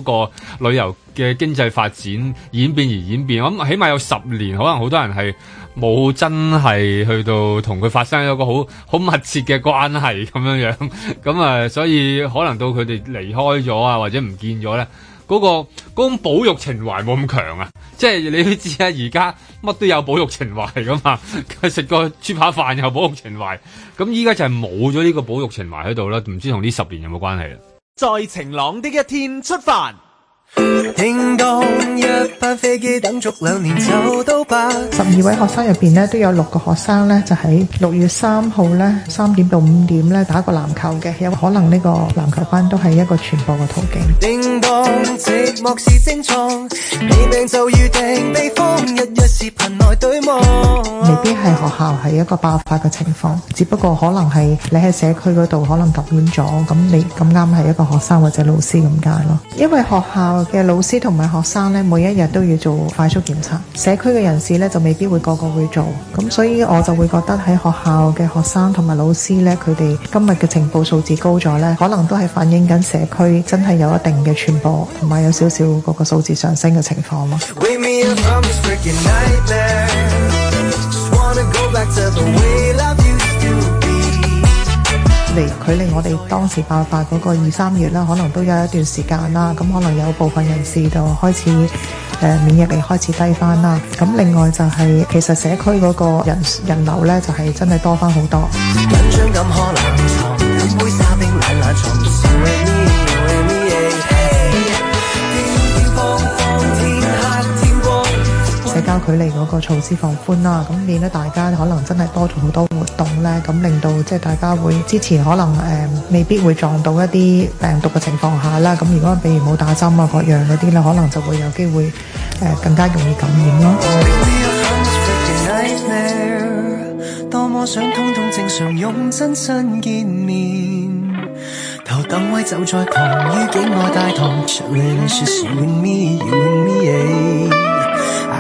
個旅遊嘅經濟發展演變而演變。我諗起碼有十年，可能好多人係。冇真係去到同佢發生一個好好密切嘅關係咁樣樣，咁啊，所以可能到佢哋離開咗啊，或者唔見咗咧，嗰個嗰個保育情懷冇咁強啊，即係你都知啊，而家乜都有保育情懷㗎嘛，佢食個豬扒飯有保育情懷，咁依家就係冇咗呢個保育情懷喺度啦，唔知同呢十年有冇關係啦。在晴朗的一天出發。叮噹一班飛機等足兩年就到，十二位學生入邊咧，都有六個學生就呢就喺六月三號咧，三點到五點咧打個籃球嘅，有可能呢個籃球班都係一個傳播嘅途徑。未必係學校係一個爆發嘅情況，只不過可能係你喺社區嗰度可能感染咗，咁你咁啱係一個學生或者老師咁解咯，因為學校。嘅老師同埋學生咧，每一日都要做快速檢查。社區嘅人士咧，就未必會個個會做。咁所以我就會覺得喺學校嘅學生同埋老師咧，佢哋今日嘅呈報數字高咗咧，可能都係反映緊社區真係有一定嘅傳播，同埋有少少嗰個數字上升嘅情況咯。 嚟距離我哋當時爆發嗰個二三月啦，可能都有一段時間啦，咁可能有部分人士就開始誒、呃、免疫力開始低翻啦。咁另外就係、是、其實社區嗰個人人流呢，就係、是、真係多翻好多。交距離嗰個措施放寬啦，咁變得大家可能真係多咗好多活動咧，咁令到即係大家會之前可能誒、呃、未必會撞到一啲病毒嘅情況下啦，咁如果譬如冇打針啊各樣嗰啲咧，可能就會有機會誒、呃、更加容易感染咯。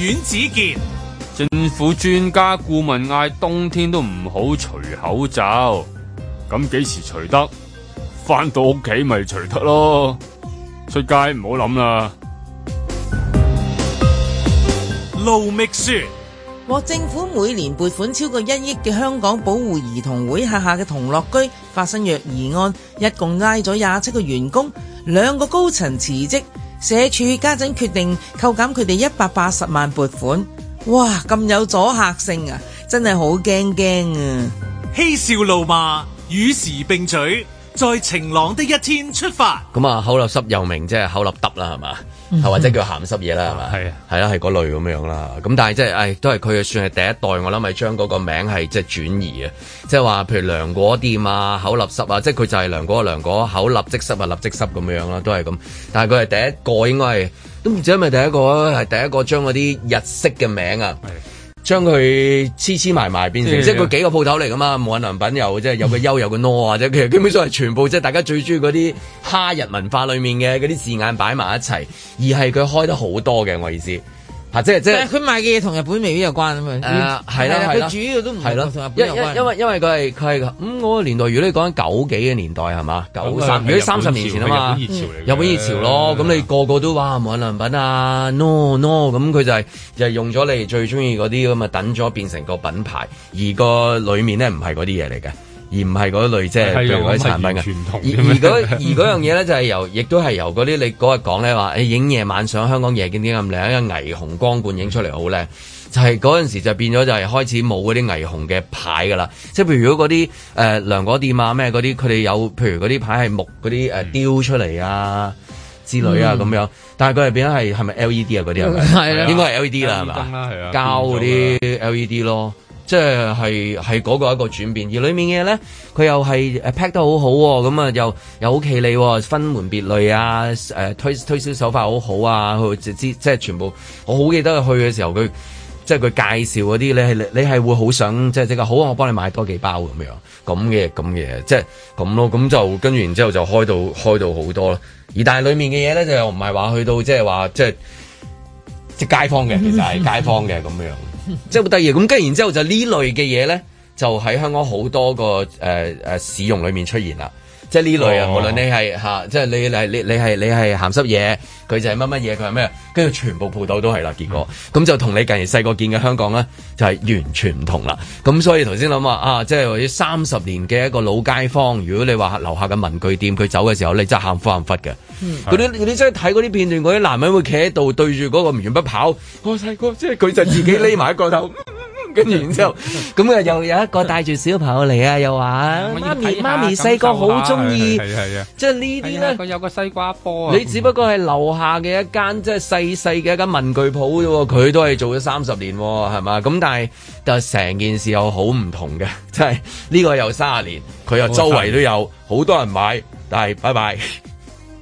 阮子健，政府專家顧問嗌冬天都唔好除口罩，咁幾時除得？翻到屋企咪除得咯，出街唔好諗啦。盧覓雪，獲政府每年撥款超過一億嘅香港保護兒童會下下嘅童樂居發生虐兒案，一共拉咗廿七個員工，兩個高層辭職。社署家陣決定扣減佢哋一百八十萬撥款，哇！咁有阻嚇性啊，真係好驚驚啊！嬉笑怒罵，與時並舉。 在晴朗的一天出發。咁啊，口立濕又名即係口立揼啦，係嘛，係、嗯、哼或者叫鹹濕嘢啦，係嘛，係啊，係啦、啊，係嗰類咁樣啦。咁但係即係，誒、哎，都係佢啊，算係第一代。我諗係將嗰個名係即係轉移啊，即係話，譬如涼果店啊，口立濕啊，即係佢就係涼果涼果，口立即濕啊，立即濕咁樣啦，都係咁。但係佢係第一個，應該係，都唔知係咪第一個係第一個將嗰啲日式嘅名啊。將佢黐黐埋埋變成，即係佢幾個鋪頭嚟噶嘛，無印良品又，即係有個優有個孬啊！即係其實基本上係全部，即係大家最中意嗰啲哈日文化裡面嘅嗰啲字眼擺埋一齊，而係佢開得好多嘅，我意思。即係即係佢賣嘅嘢同日本未必有關啊！係啦，係啦，佢主要都唔係同日本有關。因因因為因為佢係佢係咁嗰個年代，如果你講緊九幾嘅年代係嘛？九三，如果三十年前啊嘛，日本熱潮嚟嘅，日本熱潮咯。咁你個個都話無印良品啊，no no。咁佢就係就係用咗你最中意嗰啲咁啊，等咗變成個品牌，而個裡面咧唔係嗰啲嘢嚟嘅。而唔係嗰類即係嗰啲產品嘅。而而嗰而嗰樣嘢咧就係由，亦都係由嗰啲你嗰日講咧話，影夜晚上香港夜景點咁靚，一個霓虹光管影出嚟好靚。就係嗰陣時就變咗就係開始冇嗰啲霓虹嘅牌噶啦。即係譬如如果嗰啲誒涼果店啊咩嗰啲，佢哋有譬如嗰啲牌係木嗰啲誒雕出嚟啊之類啊咁樣。但係佢係變咗係係咪 LED 啊嗰啲係咪？係啊，應該係 LED 啦，係咪？膠嗰啲 LED 咯。即係係係嗰個一個轉變，而裡面嘅嘢咧，佢又係誒 pack 得好好、哦、喎，咁啊又又好企理、哦，分門別類啊，誒推推銷手法好好啊，佢即係全部，我好記得佢去嘅時候，佢即係佢介紹嗰啲，你係你係會想好想即係即係好，啊，我幫你買多幾包咁樣，咁嘅咁嘅，即係咁咯，咁就跟住然之後就開到開到好多啦，而但係裡面嘅嘢咧就又唔係話去到即係話即係即係街坊嘅，其實係街坊嘅咁樣。 即係第二咁，跟然之後就呢類嘅嘢咧，就喺香港好多個誒誒市容裏面出現啦。即係呢類啊，哦、無論你係嚇、啊，即係你你你係你係鹹濕嘢，佢就係乜乜嘢，佢係咩，跟住全部鋪頭都係啦，結果咁、嗯、就同你近期細個見嘅香港咧就係、是、完全唔同啦。咁所以頭先諗話啊，即係或者三十年嘅一個老街坊，如果你話樓下嘅文具店佢走嘅時候，你真係喊忽喊忽嘅。嗰啲你真係睇嗰啲片段，嗰啲男人會企喺度對住嗰個鉛不，不跑。我細個即係佢就自己匿埋喺個度。 跟住 然之後又，咁啊 又有一個帶住小朋友嚟啊，又話媽咪媽咪細個好中意，即係呢啲咧。佢有個西瓜波。你只不過係樓下嘅一間，即係細細嘅一間文具鋪啫。佢都係做咗三十年，哦，係嘛？咁但係就成件事又好唔同嘅，即係呢個又三十年，佢又周圍都有好、嗯、多人買，但係拜拜。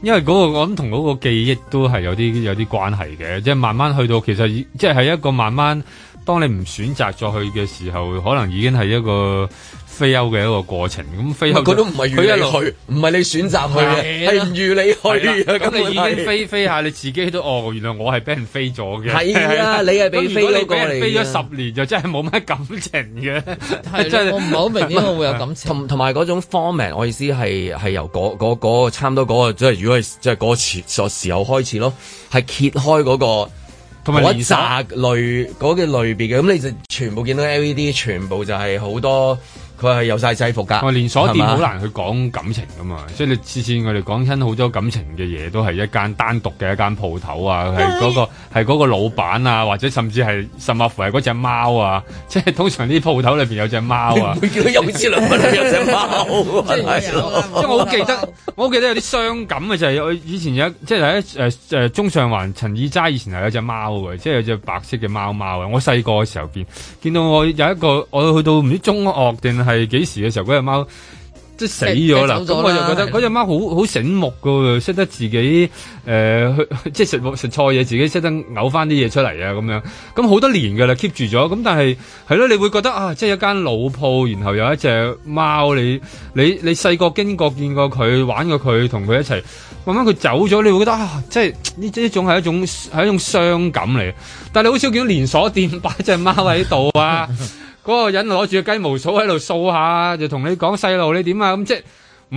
因為嗰，那個、我諗同嗰個記憶都係有啲有啲關係嘅，即，就，係，是、慢慢去到，其實即係一個慢慢。當你唔選擇咗去嘅時候，可能已經係一個飛歐嘅一個過程。咁飛歐佢都唔係佢一路去，唔係你選擇去嘅，係如你去。咁你已經飛飛下，你自己都哦，原來我係俾人飛咗嘅。係啊，你係俾飛咗過嚟。飛咗十年就真係冇乜感情嘅。我唔係好明點我會有感情。同埋嗰種 f o r m 我意思係係由嗰嗰差唔多嗰個，即係如果係即係嗰時個時候開始咯，係揭開嗰個。一扎類嗰嘅、那個、類別嘅，咁你就全部見到 LED，全部就係好多。佢係有晒制服噶，連鎖店好難去講感情噶嘛，即係你次次我哋講親好多感情嘅嘢，都係一間單獨嘅一間鋪頭啊，係嗰個係嗰個老闆啊，或者甚至係甚至乎係嗰隻貓啊，即係通常啲鋪頭裏邊有隻貓啊，會叫佢有次兩分有隻貓，即係我好記得，我好記得有啲傷感嘅就係我以前有即係喺誒中上環陳意齋以前係有隻貓嘅，即係有隻白色嘅貓貓啊，我細個嘅時候見見到我有一個我去到唔知中學定。係幾時嘅時候嗰隻貓即係死咗啦？咁我就覺得嗰隻貓好好醒目嘅，識得自己誒、呃，即係食食錯嘢，自己識得嘔翻啲嘢出嚟啊！咁樣咁好多年噶啦，keep 住咗。咁但係係咯，你會覺得啊，即係一間老鋪，然後有一隻貓，你你你細個經國見過佢，玩過佢，同佢一齊，慢慢佢走咗，你會覺得啊，即係呢呢一種係一種係一種傷感嚟。但係你好少見到連鎖店擺隻貓喺度啊。 嗰個人攞住個雞毛掃喺度掃下，就同你講細路你點啊？咁、嗯、即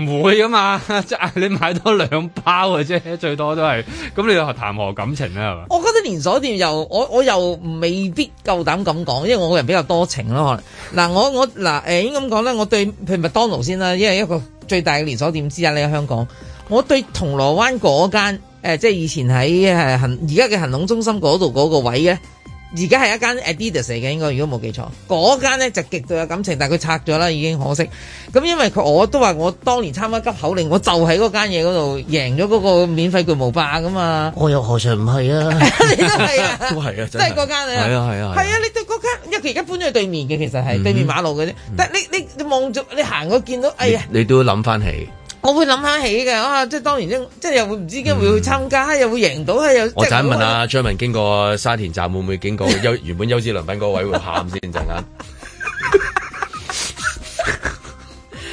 係唔會啊嘛，即係你買多兩包嘅啫，最多都係。咁你又談何感情咧？係嘛？我覺得連鎖店又我我又未必夠膽咁講，因為我個人比較多情咯。可能嗱，我我嗱誒應該咁講咧，我對譬如麥當勞先啦，因為一個最大嘅連鎖店之一你喺香港，我對銅鑼灣嗰間即係以前喺係恆而家嘅恆隆中心嗰度嗰個位咧。而家係一間 Adidas 嚟嘅，應該如果冇記錯，嗰間咧就極度有感情，但係佢拆咗啦，已經可惜。咁因為佢我都話我當年參加急口令，我就喺嗰間嘢嗰度贏咗嗰個免費巨無霸㗎嘛，我又何嘗唔係啊？你都係啊，都係啊，真係嗰間嚟啊，係啊係啊，係啊，你對嗰間，因為佢而家搬咗去對面嘅，其實係、嗯、對面馬路嘅啫。但係你你望住，你行過見到，哎呀，你，你都諗翻起。我會諗下起嘅，啊，即係當然即係，又會唔知會唔會去參加，嗯、又會贏到，又我想問下張文經過沙田站會唔會經過，有 原本優之良品嗰位會喊先陣間。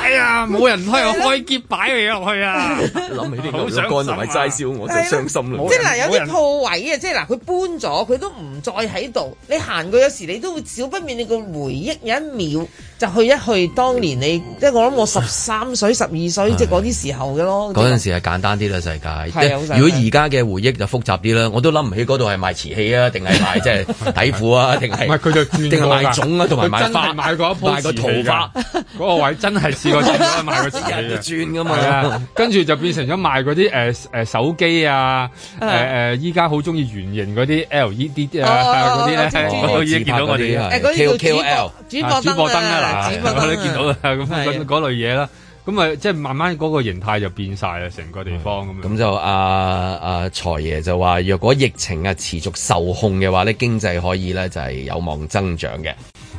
哎呀，冇人開，我開結擺你入去啊！諗起啲舊骨幹同埋齋笑，我真傷心啦！即係嗱，有啲鋪位啊，即係嗱，佢搬咗，佢都唔再喺度。你行過有時你都會少不免你個回憶，有一秒就去一去當年你，即係我諗我十三歲、十二歲，即係嗰啲時候嘅咯。嗰陣時係簡單啲啦，世界。如果而家嘅回憶就複雜啲啦，我都諗唔起嗰度係賣瓷器啊，定係賣即係底褲啊，定係唔係佢就定係賣種啊，同埋賣花，賣個桃花嗰個位真係笑。賣個鑽石嘅嘛，跟住就變成咗賣嗰啲誒誒手機啊，誒誒依家好中意圓形嗰啲 LED 啊嗰啲咧，已經見到我哋誒嗰啲 KOL 主主主播燈啊，都見到啦，咁嗰嗰類嘢啦，咁啊即係慢慢嗰個形態就變晒啦，成個地方咁咁就阿阿財爺就話，若果疫情啊持續受控嘅話咧，經濟可以咧就係有望增長嘅。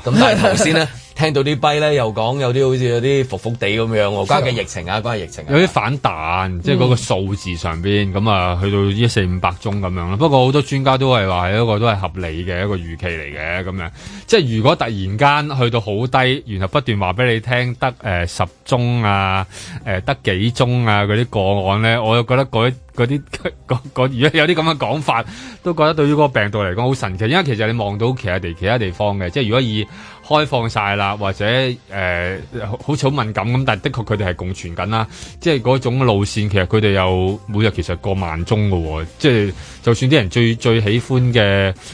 咁但係頭先呢。聽到啲跛咧又講有啲好似有啲伏伏地咁樣，我關係疫情啊，關係疫情啊，有啲反彈，嗯、即係嗰個數字上面咁啊，去到一四五百宗咁樣咯。不過好多專家都係話係一個都係合理嘅一個預期嚟嘅咁樣。即係如果突然間去到好低，然後不斷話俾你聽得誒、呃、十宗啊、誒、呃、得幾宗啊嗰啲個案咧，我覺得嗰啲 如果有啲咁嘅講法，都覺得對於嗰個病毒嚟講好神奇。因為其實你望到其他地其他地方嘅，即係如果以開放晒啦，或者誒、呃、好似好敏感咁，但係的確佢哋係共存緊啦。即係嗰種路線，其實佢哋有每日其實過萬宗嘅喎。即係就算啲人最最喜歡嘅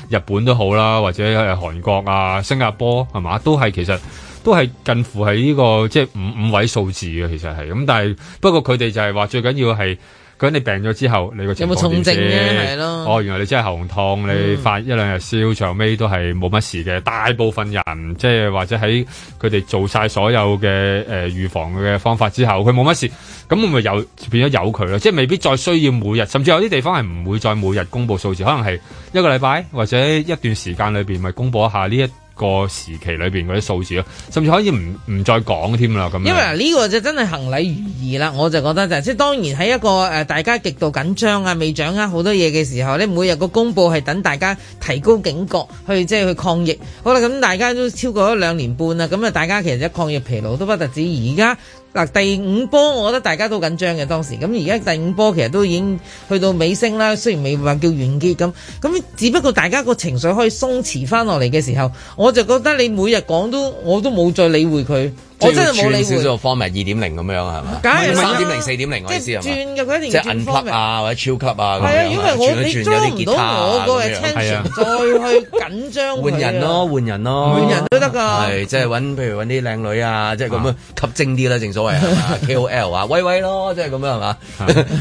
日本都好啦，或者韓國啊、新加坡係嘛，都係其實都係近乎係呢、呢個即係五五位數字嘅，其實係咁。但係不過佢哋就係、係、話最緊要係。咁你病咗之後，你個情況有冇重症嘅？係咯？哦，原來你真係喉嚨痛，你發一兩日燒，最尾都係冇乜事嘅。大部分人即係或者喺佢哋做晒所有嘅誒預防嘅方法之後，佢冇乜事，咁咪又變咗有佢咯。即係未必再需要每日，甚至有啲地方係唔會再每日公布數字，可能係一個禮拜或者一段時間裏邊咪公布一下呢一個時期裏邊嗰啲數字咯，甚至可以唔唔再講添啦。咁 Yeah, 這樣 因為呢個就真係行禮如儀啦，我就覺得就即、是、係、就是、當然喺一個誒、呃、大家極度緊張啊，未掌握好多嘢嘅時候咧，你每日個公布係等大家提高警覺去即係去抗疫。好啦，咁大家都超過咗兩年半啦，咁啊大家其實一抗疫疲勞都不特止，而家。嗱，第五波，我覺得大家都緊張嘅當時，咁而家第五波其實都已經去到尾聲啦，雖然未話叫完結咁，咁只不過大家個情緒可以鬆弛翻落嚟嘅時候，我就覺得你每日講都，我都冇再理會佢。我真係冇理少少 form 二點零咁樣係嘛？唔係三點零四點零我意思係嘛？即係轉嘅佢一即係 unlock 啊或者超級啊咁樣。係啊，因為我你抓唔到我個 attention，再去緊張。換人咯，換人咯，換人都得㗎。係即係揾譬如揾啲靚女啊，即係咁樣吸精啲啦，正所謂啊 K O L 啊威威咯，即係咁樣係嘛？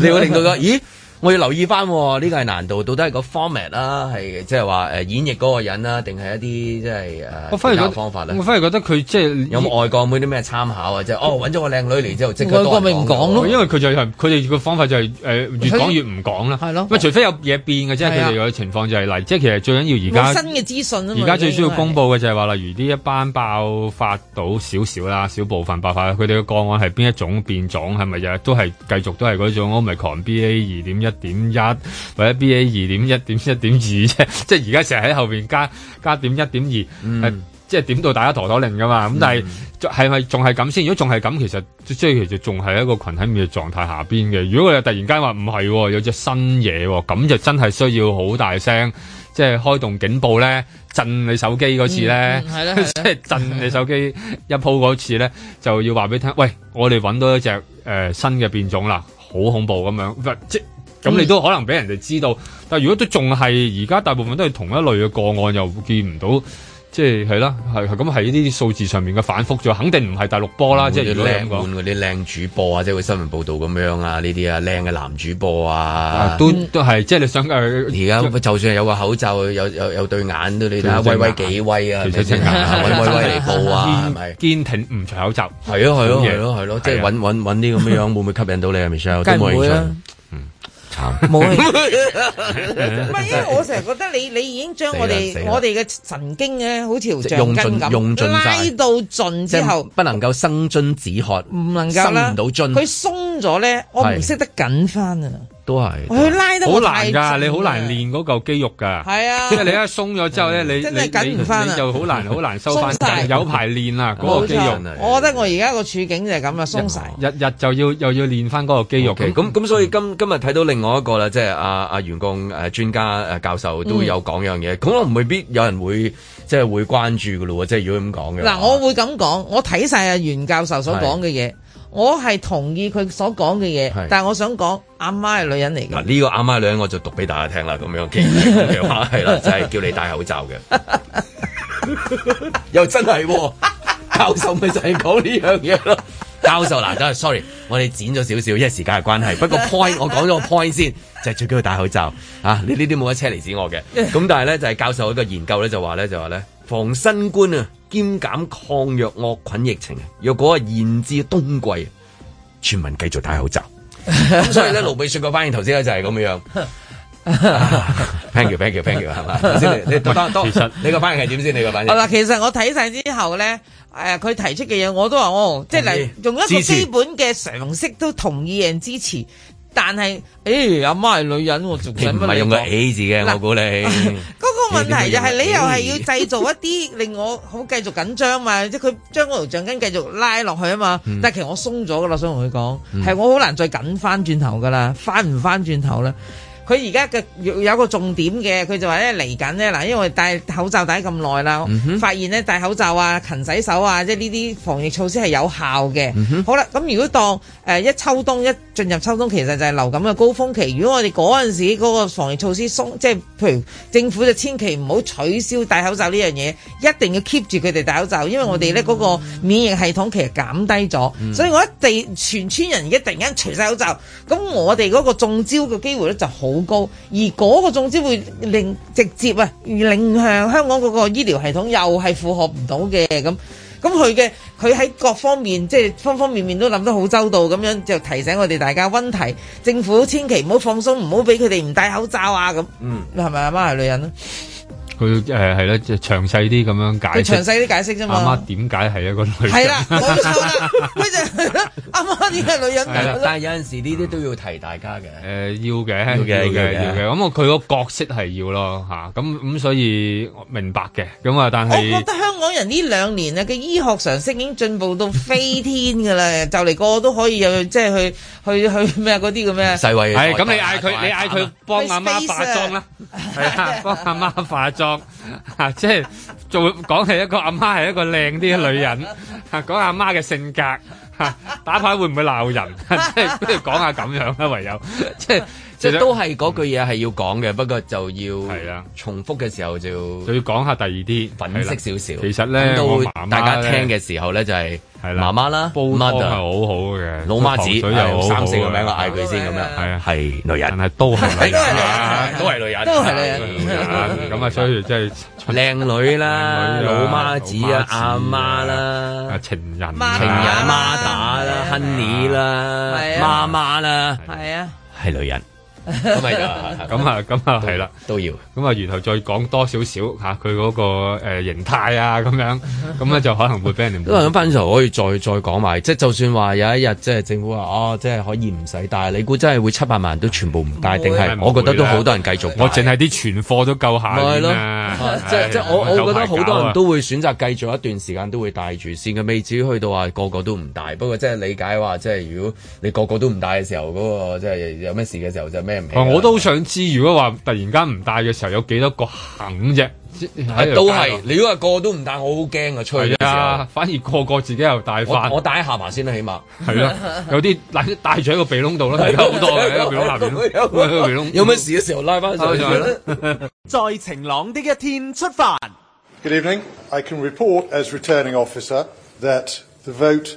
你會令到個咦？我要留意翻喎，呢個係難度，到底係個 format 啦，係即係話誒演繹嗰個人啦，定係一啲即係誒其他方法咧？我反而覺得佢即係有冇外國冇啲咩參考啊？也即係哦揾咗個靚女嚟之後即刻都講。咪唔講咯？因為佢就係佢哋個方法就係、是、誒、呃、越講越唔講啦。係咯。啊、除非有嘢變嘅，即係佢哋個情況就係、是、嗱，即係其實最緊要而家新嘅資訊而。而家因為 最需要公佈嘅就係、是、話，例如呢一班爆發到少少啦，少部分爆發，佢哋嘅個案係邊一種變種，係咪就都係繼續都係嗰種 Omicron BA 二點一？點一或者 B A 二點一點一點二啫，即係而家成日喺後邊加加點一點二，即係點到大家陀陀零噶嘛。咁但係係咪仲係咁先？如果仲係咁，其實即係其實仲係一個群體面嘅狀態下邊嘅。如果佢突然間話唔係，有隻新嘢，哦，咁就真係需要好大聲，即係開動警報咧，震你手機嗰次咧，即係、mm. 震你手機一鋪嗰次咧，就要話俾你聽，喂，我哋揾到一隻誒、呃、新嘅變種啦，好恐怖咁樣。即。咁你都可能俾人哋知道，但係如果都仲係而家大部分都係同一類嘅個案，又見唔到，即係係啦，係咁喺呢啲數字上面嘅反覆就肯定唔係大陸波啦。即係換嗰啲靚主播啊，即係新聞報道咁樣啊，呢啲啊，靚嘅男主播啊，都都係，即係你想而家就算有個口罩，有有有對眼都你睇下，威威幾威啊？威威威嚟報啊？係堅挺唔除口罩，係啊係啊係咯係咯，即係揾揾揾啲咁樣，會唔會吸引到你啊？係咪冇，唔係，因為我成日覺得你你已經將我哋我哋嘅神經咧，好似條橡筋，用盡用盡拉到盡之後，不能夠生津止渴，唔能夠生唔到津，佢鬆咗咧，我唔識得緊返啊！都係，佢拉得好難噶，你好難練嗰嚿肌肉噶，係啊，因為你一鬆咗之後咧，你你你就好難好難收翻，有排練啊嗰個肌肉啊。我覺得我而家個處境就係咁樣，鬆晒，日日就要又要練翻嗰個肌肉。咁咁所以今今日睇到另外一個啦，即係阿阿袁公誒專家誒教授都有講一樣嘢，咁我唔未必有人會即係會關注噶咯，即係如果咁講嘅。嗱，我會咁講，我睇晒阿袁教授所講嘅嘢。我係同意佢所講嘅嘢，是但係我想講阿媽係女人嚟嘅。嗱呢、啊這個阿媽，媽女人我就讀俾大家聽啦，咁樣傾嘅話係 啦，就係、是、叫你戴口罩嘅， 又真係教授咪就係講呢樣嘢咯？教授嗱 ，sorry，我哋剪咗少少，因為時間嘅關係。不過 point 我講咗個 point 先，就係最緊要戴口罩啊！你 呢啲冇得車嚟指我嘅，咁但係咧就係、是、教授一個研究咧就話咧就話咧防新冠啊！兼減抗藥惡菌疫情啊！若果係延至冬季，全民繼續戴口罩。 所以咧，盧美雪個反應頭先咧就係咁樣。thank you thank you thank you 係嘛？你多多，多 你個反應係點先？你個反應嗱，其實我睇晒之後咧，誒、呃，佢提出嘅嘢我都話哦，即係嚟用一個基本嘅常識都同意人支持。但係，誒、欸、阿媽係女人喎，做想乜嘢？係用個 A 字嘅，啊、我估你嗰 個問題就係你又係要製造一啲令我好繼續緊張嘛，即係佢將嗰條橡筋繼續拉落去啊嘛，嗯、但係其實我鬆咗噶啦，想同佢講，係、嗯、我好難再緊翻轉頭噶啦，翻唔翻轉頭咧？佢而家嘅有個重點嘅，佢就話咧嚟緊呢，嗱，因為戴口罩戴咁耐啦，mm hmm. 發現呢戴口罩啊、勤洗手啊，即係呢啲防疫措施係有效嘅。Mm hmm. 好啦，咁如果當誒、呃、一秋冬一進入秋冬，其實就係流感嘅高峰期。如果我哋嗰陣時嗰個防疫措施鬆，即係譬如政府就千祈唔好取消戴口罩呢樣嘢，一定要 keep 住佢哋戴口罩，因為我哋呢嗰、mm hmm. 個免疫系統其實減低咗，mm hmm. 所以我一地全村人一突然間除晒口罩，咁我哋嗰個中招嘅機會咧就好好高，而嗰個總之會令直接啊，令向香港嗰個醫療系統又係負荷唔到嘅咁，咁佢嘅佢喺各方面即係方方面面都諗得好周到咁樣，就提醒我哋大家温提政府千祈唔好放鬆，唔好俾佢哋唔戴口罩啊咁。嗯，係咪阿媽係女人啊？佢誒係咯，即係詳細啲咁樣解釋。詳細啲解釋啫嘛，阿媽點解係一個女人？係啦，冇錯啦，佢就係阿媽點解女人？但係有陣時呢啲都要提大家嘅。誒要嘅，要嘅，要嘅。咁佢個角色係要咯嚇。咁咁所以明白嘅。咁啊，但係我覺得香港人呢兩年啊嘅醫學常識已經進步到飛天㗎啦，就嚟個個都可以有即係去去去咩嗰啲嘅咩？世衛，係咁你嗌佢，你嗌佢幫阿媽化妝啦，係啊，幫阿媽化妝。吓、啊，即係做講係一個阿媽，係一個靚啲嘅女人。吓、啊，講阿媽嘅性格，吓、啊、打牌會唔會鬧人？啊、即係不如講下咁樣啦，唯有即係，其實都係嗰句嘢係要講嘅，不過就要重複嘅時候就要、啊、就要講下第二啲粉飾少少。其實咧，都大家聽嘅時候咧就係、是。係啦，媽媽啦煲 o 都係好好嘅，老媽子又三四個名我嗌佢先咁樣，係啊，係女人，都係女人，都係女人，都係女人，咁啊，所以即係靚女啦，老媽子啊，阿媽啦，情人情人阿媽打啦，honey 啦，媽媽啦，係啊，係女人。咁咪啊，咁啊，係啦，都要。咁啊，然後再講多少少吓，佢嗰個誒形態啊，咁樣，咁咧就可能會俾人哋。因為諗翻時候，可以再再講埋，即係就算話有一日，即係政府話哦，即係可以唔使帶，但你估真係會七百萬都全部唔帶，定係我覺得都好多人繼續。我淨係啲存貨都夠下。咪係咯，即係我我覺得好多人都會選擇繼續一段時間都會帶住先嘅，未至於去到話個個都唔帶。不過即係理解話，即係如果你個個都唔帶嘅時候，嗰個即係有咩事嘅時候就我都想知，如果話突然間唔戴嘅時候，有幾多個肯啫？都係，你如果話個，個都唔戴，我好驚啊！出去，係反而個，個個自己又戴翻。我戴下巴先啦，啊，起碼係啦，有啲嗱，戴住喺個鼻窿度啦，係好多嘅喺個鼻窿下面咯，個 有乜事嘅時候拉翻上。在 晴朗的一天出發。Good evening, I can report as returning officer that the vote.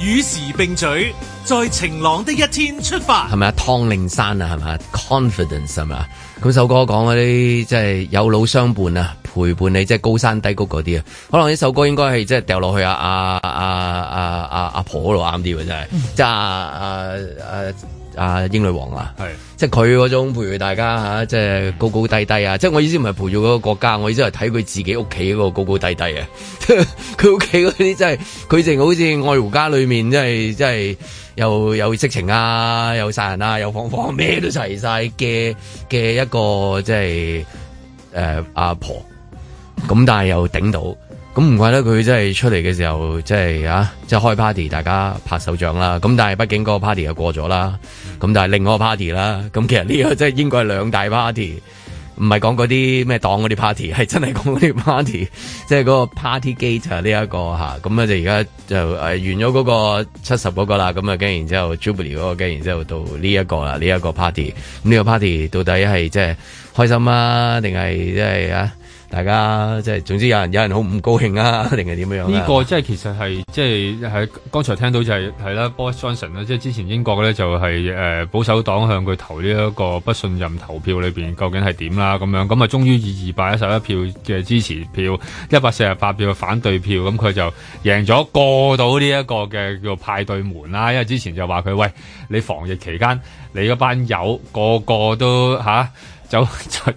與時並舉，在晴朗的一天出發，係咪啊？湯令山啊，係咪啊？Confidence，係咪啊？咁首歌講嗰啲即係有老相伴啊，陪伴你即係、就是、高山低谷嗰啲啊，可能呢首歌應該係即係掉落去阿阿阿阿阿阿婆嗰度啱啲嘅真係。啊啊啊，英女王啊，是即係佢嗰種陪住大家吓，啊，即係高高低低啊！即係我意思唔係陪住嗰個國家，我意思係睇佢自己屋企嗰個高高低低啊！佢屋企嗰啲真係，佢淨好似愛護家裏面，即係真係又有，有色情啊，有殺人啊，有方方咩都齊晒嘅嘅一個即係誒阿婆，咁但係又頂到。咁唔怪得佢真係出嚟嘅時候，即、就、係、是、啊，即、就、係、是、開 party，大家拍手掌啦。咁但係畢竟嗰個 party 又過咗啦。咁、嗯、但係另外個 party 啦。咁其實呢個兩真係應該係兩大 party，唔係講嗰啲咩黨嗰啲 party，係真係講啲 party，即係嗰個 party gate、這個啊、就呢一、啊、個吓。咁咧就而家就誒完咗嗰個七十嗰個啦。咁啊跟然之後 Jubilee 嗰個跟然之後到呢一個啦，呢、這、一個 party。咁呢個 party 到底係即係開心啊，定係即係啊？大家即係，總之有人有人好唔高興啊，定係點樣咧？呢個即係其實係即係喺剛才聽到就係係啦，Boris Johnson 啦，即係之前英國咧就係誒保守黨向佢投呢一個不信任投票裏邊，究竟係點啦咁樣咁啊，終於以二百一十一票嘅支持票，一百四十八票嘅反對票，咁佢就贏咗過到呢一個嘅叫派對門啦。因為之前就話佢喂你防疫期間你嗰班友個個都吓？走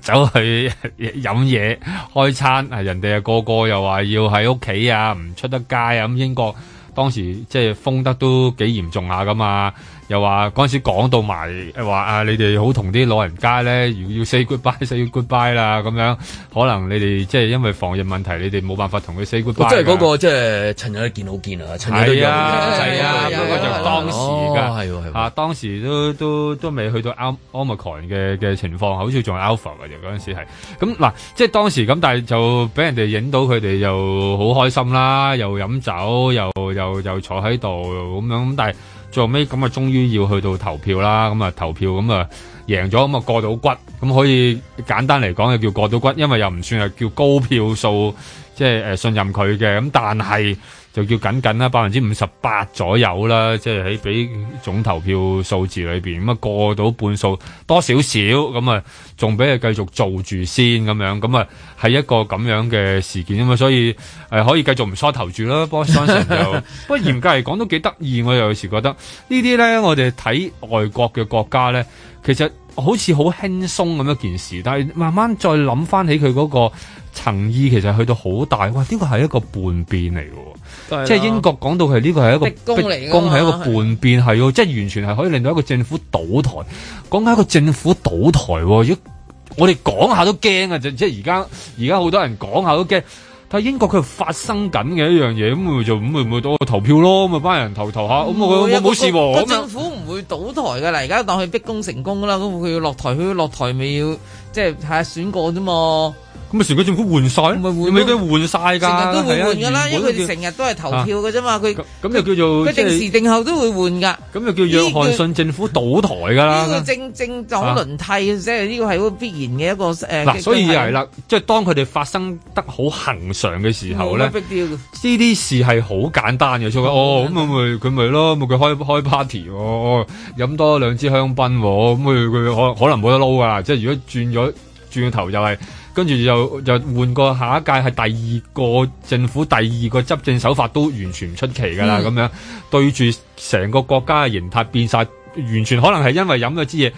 走去飲嘢、開餐啊！人哋啊個個又話要喺屋企啊，唔出得街啊！咁英國當時即係封得都幾嚴重下噶嘛～又話嗰陣時講到埋，話啊你哋好同啲老人家咧，如果要 say goodbye say goodbye 啦咁樣。可能你哋即係因為防疫問題，你哋冇辦法同佢 say goodbye。即係嗰個即係趁友見好見啊，係啊，係啊，嗰個就當時㗎，啊，當時都都都未去到 Omicron 嘅嘅情況，好似仲係 alpha 㗎啫。嗰陣時係咁嗱，即係當時咁，但係就俾人哋影到佢哋又好開心啦，又飲酒，又又又坐喺度咁樣，但係。最尾咁啊，終於要去到投票啦，咁啊投票，咁啊贏咗，咁啊過到骨，咁可以簡單嚟講，就叫過到骨，因為又唔算係叫高票數，即係誒信任佢嘅，咁但係。就叫僅僅啦，百分之五十八左右啦，即係喺俾總投票數字裏邊，咁啊過到半數多少少，咁啊仲俾佢繼續做住先咁樣，咁啊係一個咁樣嘅事件啊嘛，所以誒、呃、可以繼續唔梳頭住啦，不過相信就，不過嚴格嚟講都幾得意，我又有時覺得呢啲咧，我哋睇外國嘅國家咧，其實好似好輕鬆咁一件事，但係慢慢再諗翻起佢嗰個層意，其實去到好大，哇！呢個係一個叛變半嚟嘅。即係英國講到係呢個係一個逼宮，係一個叛變係，即係的完全係可以令到一個政府倒台。講緊一個政府倒台，如果我哋講下都驚啊！即係而家而家好多人講下都驚。但係英國佢發生緊嘅一樣嘢，咁咪就咁咪咪到投票咯，咪班人投投下，咁冇會事喎。政府唔會倒台㗎啦，而家當佢逼宮成功啦，咁佢要落台，佢要落台咪要，台要即係睇下選過啫嘛。咁咪全國政府換晒？咪都換曬㗎，成日都換換㗎啦。因為佢哋成日都係投票㗎啫嘛。佢咁就叫做佢定時定候都會換㗎。咁就叫約翰遜政府倒台㗎啦。呢個政政黨輪替，即係呢個係一個必然嘅一個誒。嗱，所以係啦，即係當佢哋發生得好恒常嘅時候咧，呢啲事係好簡單嘅。哦，咁啊，咪佢咪咯，冇佢開開 party，哦，飲多兩支香檳，咁佢佢可可能冇得撈㗎。即係如果轉咗轉頭又係。跟住就又換過下一屆係第二個政府，第二個執政手法都完全唔出奇㗎啦。咁、嗯、樣對住成個國家嘅形態變晒，完全可能係因為飲咗支嘢。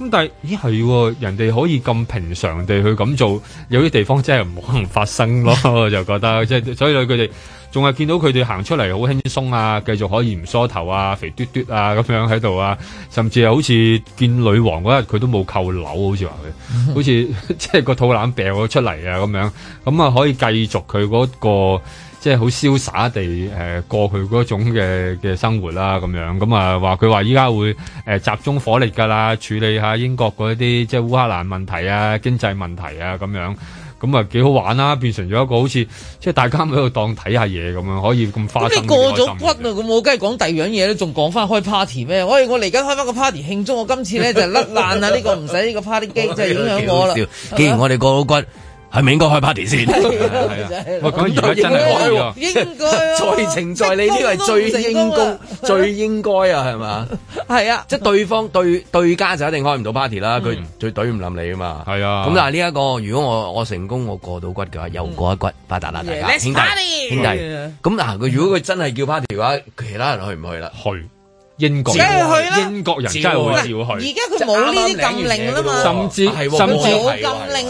咁但係咦係，人哋可以咁平常地去咁做，有啲地方真係唔可能發生咯。我就覺得即係，所以佢哋。仲係見到佢哋行出嚟好輕鬆啊，繼續可以唔梳頭啊，肥嘟嘟啊咁樣喺度啊，甚至好似見女王嗰日佢都冇扣樓，好似話佢，好似即係個肚腩病咗出嚟啊咁樣，咁啊可以繼續佢嗰、嗰個即係好瀟灑地誒、呃、過去嗰種嘅嘅生活啦、啊、咁樣，咁啊話佢話依家會誒、呃、集中火力㗎啦，處理下英國嗰啲即係烏克蘭問題啊、經濟問題啊咁樣。咁啊，幾好玩啦！變成咗一個好似即係大家喺度當睇下嘢咁樣，可以咁花生。你過咗骨啊！咁我梗係講第二樣嘢啦，仲講翻開 party 咩？我我嚟緊開翻個 party 慶祝，我今次咧就甩爛喇！呢 個唔使呢個 party 機就影響我啦。既然我哋過咗骨。係咪應該開 party 先？喂，講而家真係可以應該喎，在情在理呢個係最應該，最應該啊，係嘛？係啊，即係對方對對家就一定開唔到 party 啦，佢最懟唔冧你啊嘛。係啊，咁但係呢一個，如果我我成功，我過到骨嘅話，又過一骨，發達啦大家。兄弟，兄弟，咁嗱，佢如果佢真係叫 party 嘅話，其他人去唔去啦？去。英國人，英國人真係會要去。而家佢冇呢啲禁令啦嘛，甚至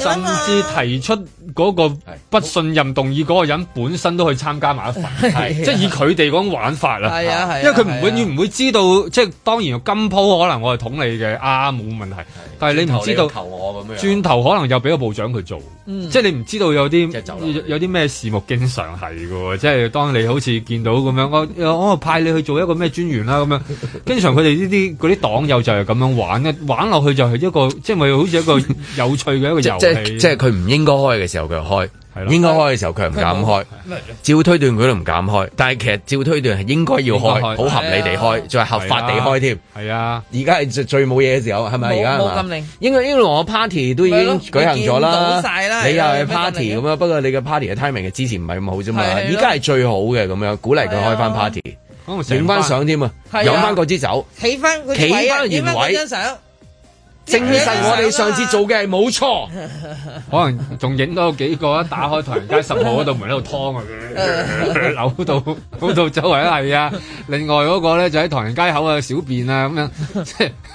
甚至提出。嗰個不信任動議嗰個人本身都去參加埋一塊， 啊、即係以佢哋嗰種玩法啦。係啊，係、啊，因為佢唔永遠唔會知道，啊啊、即係當然金鋪可能我係捅你嘅，啊冇問題。啊、但係你唔知道投我轉頭可能又俾個部長佢做。嗯、即係你唔知道有啲有啲咩事務經常係嘅喎，即係當你好似見到咁樣，我、哦、我、哦、派你去做一個咩專員啦、啊、咁樣。經常佢哋呢啲啲黨友就係咁樣玩玩落去就係一個即係咪好似一個有趣嘅一個遊戲？ 即係佢唔應該開嘅時候時候佢開，應該開嘅時候佢唔敢開，照推斷佢都唔敢開。但係其實照推斷係應該要開，好合理地開，再合法地開添。係啊，而家係最冇嘢嘅時候，係咪而家啊？冇禁令，應該因我 party 都已經舉行咗啦，你又係 party 咁啊？不過你嘅 party 嘅 timing 之前唔係咁好啫嘛。而家係最好嘅咁樣，鼓勵佢開翻 party，影翻相添啊，飲翻嗰支酒，起翻嗰啲，起翻張相。正實，我哋上次做嘅係冇錯， 可能仲影多幾個一打開唐人街十號嗰度門喺度劏啊， 扭到扭到周圍都係啊！另外嗰個咧就喺唐人街口啊小便啊咁樣，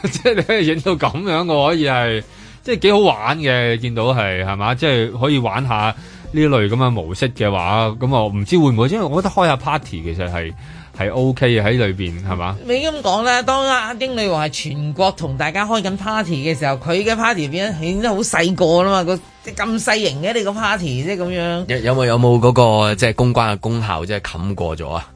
即即係影到咁樣我可以係，即係幾好玩嘅。見到係係嘛？即係可以玩下呢類咁嘅模式嘅話，咁啊唔知會唔會？因為我覺得開下 party 其實係。係 OK 嘅喺裏邊，係嘛？你咁講咧，當英女王係全國同大家開緊 party 嘅時候，佢嘅 party 變咗變得好細個啦嘛，咁細型嘅你個 party 啫，咁樣，有冇有冇嗰個即係公關嘅功效，即係冚過咗啊？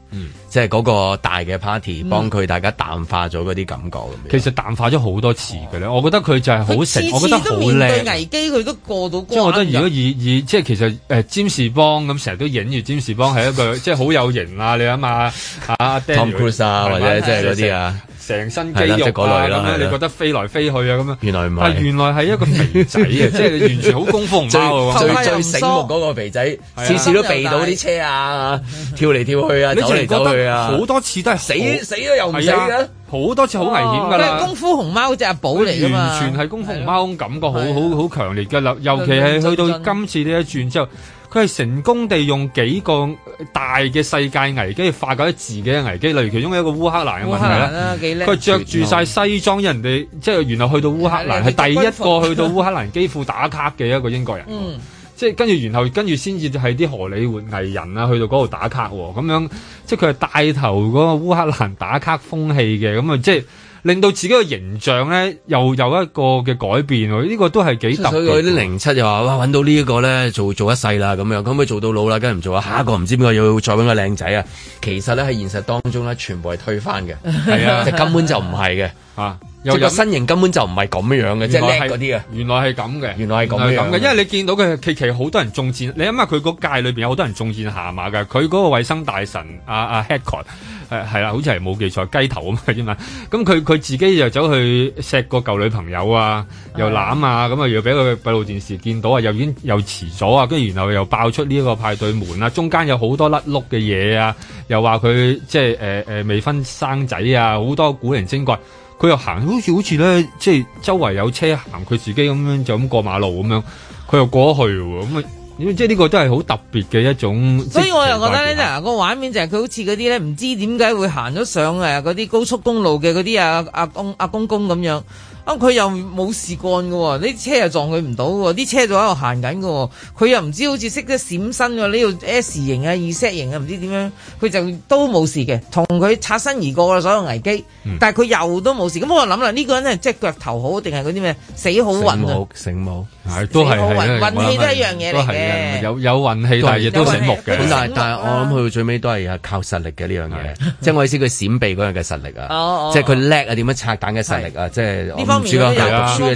即係嗰個大嘅 party 幫佢大家淡化咗嗰啲感覺咁樣。其實淡化咗好多次㗎啦，我覺得佢就係好成，我覺得好靚。次次都面對危機，佢都過到關。即係我覺得，如果以以即係其實誒，詹士邦咁成日都影住詹士邦，係一個即係好有型啊！你諗下啊，Tom Cruise 啊，或者即係嗰啲啊。成身肌肉啊！咁你覺得飛來飛去啊咁樣？原來唔係，係原來係一個肥仔，即係完全好功夫熊貓最醒目嗰個肥仔，次次都避到啲車啊，跳嚟跳去啊，走嚟走去啊，好多次都係死死都又唔死嘅，好多次好危險噶啦！功夫熊貓嗰隻阿寶嚟，完全係功夫熊貓，感覺好好好強烈嘅，尤其係去到今次呢一轉之後。佢係成功地用幾個大嘅世界危機化解自己嘅危機，例如其中一個烏克蘭嘅問題咧。佢着住晒西裝，人哋即係然後去到烏克蘭係第一個去到烏克蘭基輔打卡嘅一個英國人。嗯，即係跟住然後跟住先至係啲荷里活藝人啊去到嗰度打卡喎，咁樣即係佢係帶頭嗰個烏克蘭打卡風氣嘅，咁啊即係。令到自己嘅形象咧，又有一個嘅改變，呢、這個都係幾特別。啲零七又話，哇，搵到呢、這、一個咧，做做一世啦，咁樣，咁可以做到老啦，梗係唔做啊，下一個唔知邊個要再搵個靚仔啊。其實咧喺現實當中咧，全部係推翻嘅，係啊，就根本就唔係嘅，吓、啊。有個身形根本就唔係咁樣嘅，即係叻嗰啲啊。原來係咁嘅，原來係咁嘅，原來因為你見到佢，其實好多人中箭。你諗下，佢嗰屆裏邊有好多人中箭下馬嘅。佢嗰個衞生大臣阿阿 Hancock 係係啦，好似係冇記錯雞頭啊嘛，啫、啊、嘛。咁佢佢自己又走去錫個舊女朋友啊，又攬啊，咁啊，啊又俾個閉路電視見到啊，又已經又遲咗啊，跟住然後又爆出呢一個派對門啊，中間有好多甩碌嘅嘢啊，又話佢即係誒誒未婚生仔啊，好多古靈精怪。佢又行好似好似咧，即係周圍有車行，佢自己咁樣就咁過馬路咁樣，佢又過咗去喎。咁啊，即係呢、這個都係好特別嘅一種。所以我又覺得咧，嗱個畫面就係佢好似嗰啲咧，唔知點解會行咗上誒嗰啲高速公路嘅嗰啲阿阿公阿、啊、公公咁樣。咁佢又冇事幹嘅喎，啲車又撞佢唔到喎，啲車仲喺度行緊嘅喎，佢又唔知好似識得閃身嘅呢個 S 型啊、Z 型啊，唔知點樣，佢就都冇事嘅，同佢擦身而過啦，所有危機。但係佢又都冇事，咁我諗啦，呢個人咧，即係腳頭好定係嗰啲咩死好運？醒目，醒目，係都係運氣都係一樣嘢嚟嘅。有有運氣，但係亦都醒目嘅。但係我諗佢最尾都係靠實力嘅呢樣嘢，即係我意思佢閃避嗰樣嘅實力啊，即係佢叻啊點樣拆彈嘅實力啊，即係。暑假讀書嘅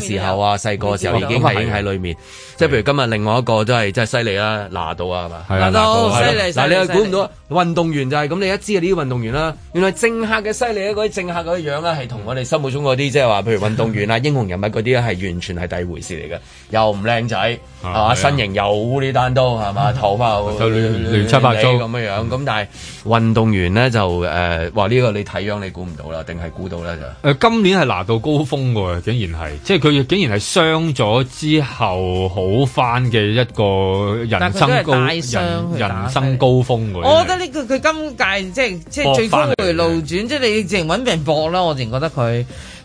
時候啊，細個嘅時候已經喺裏面，即係譬如今日另外一個都係真係犀利啦，拿到啊係嘛，拿到犀利。嗱，你又估唔到運動員就係咁，你一知啊呢啲運動員啦，原來政客嘅犀利咧，嗰啲政客嘅樣咧係同我哋心目中嗰啲即係話譬如運動員啊、英雄人物嗰啲咧係完全係第二回事嚟嘅，又唔靚仔。係身形有呢 單刀，係嘛，頭髮亂亂 七八糟咁樣樣，咁但係運動員咧，就誒話呢個你睇樣你估唔到啦，定係估到咧就？誒、呃、今年係拿到高峰喎，竟然係，即係佢竟然係傷咗之後好返嘅一個人生高人，人生高峰我覺得呢、這個佢今屆即係即係峰迴路轉，即係你自然揾命搏啦。我淨覺得佢。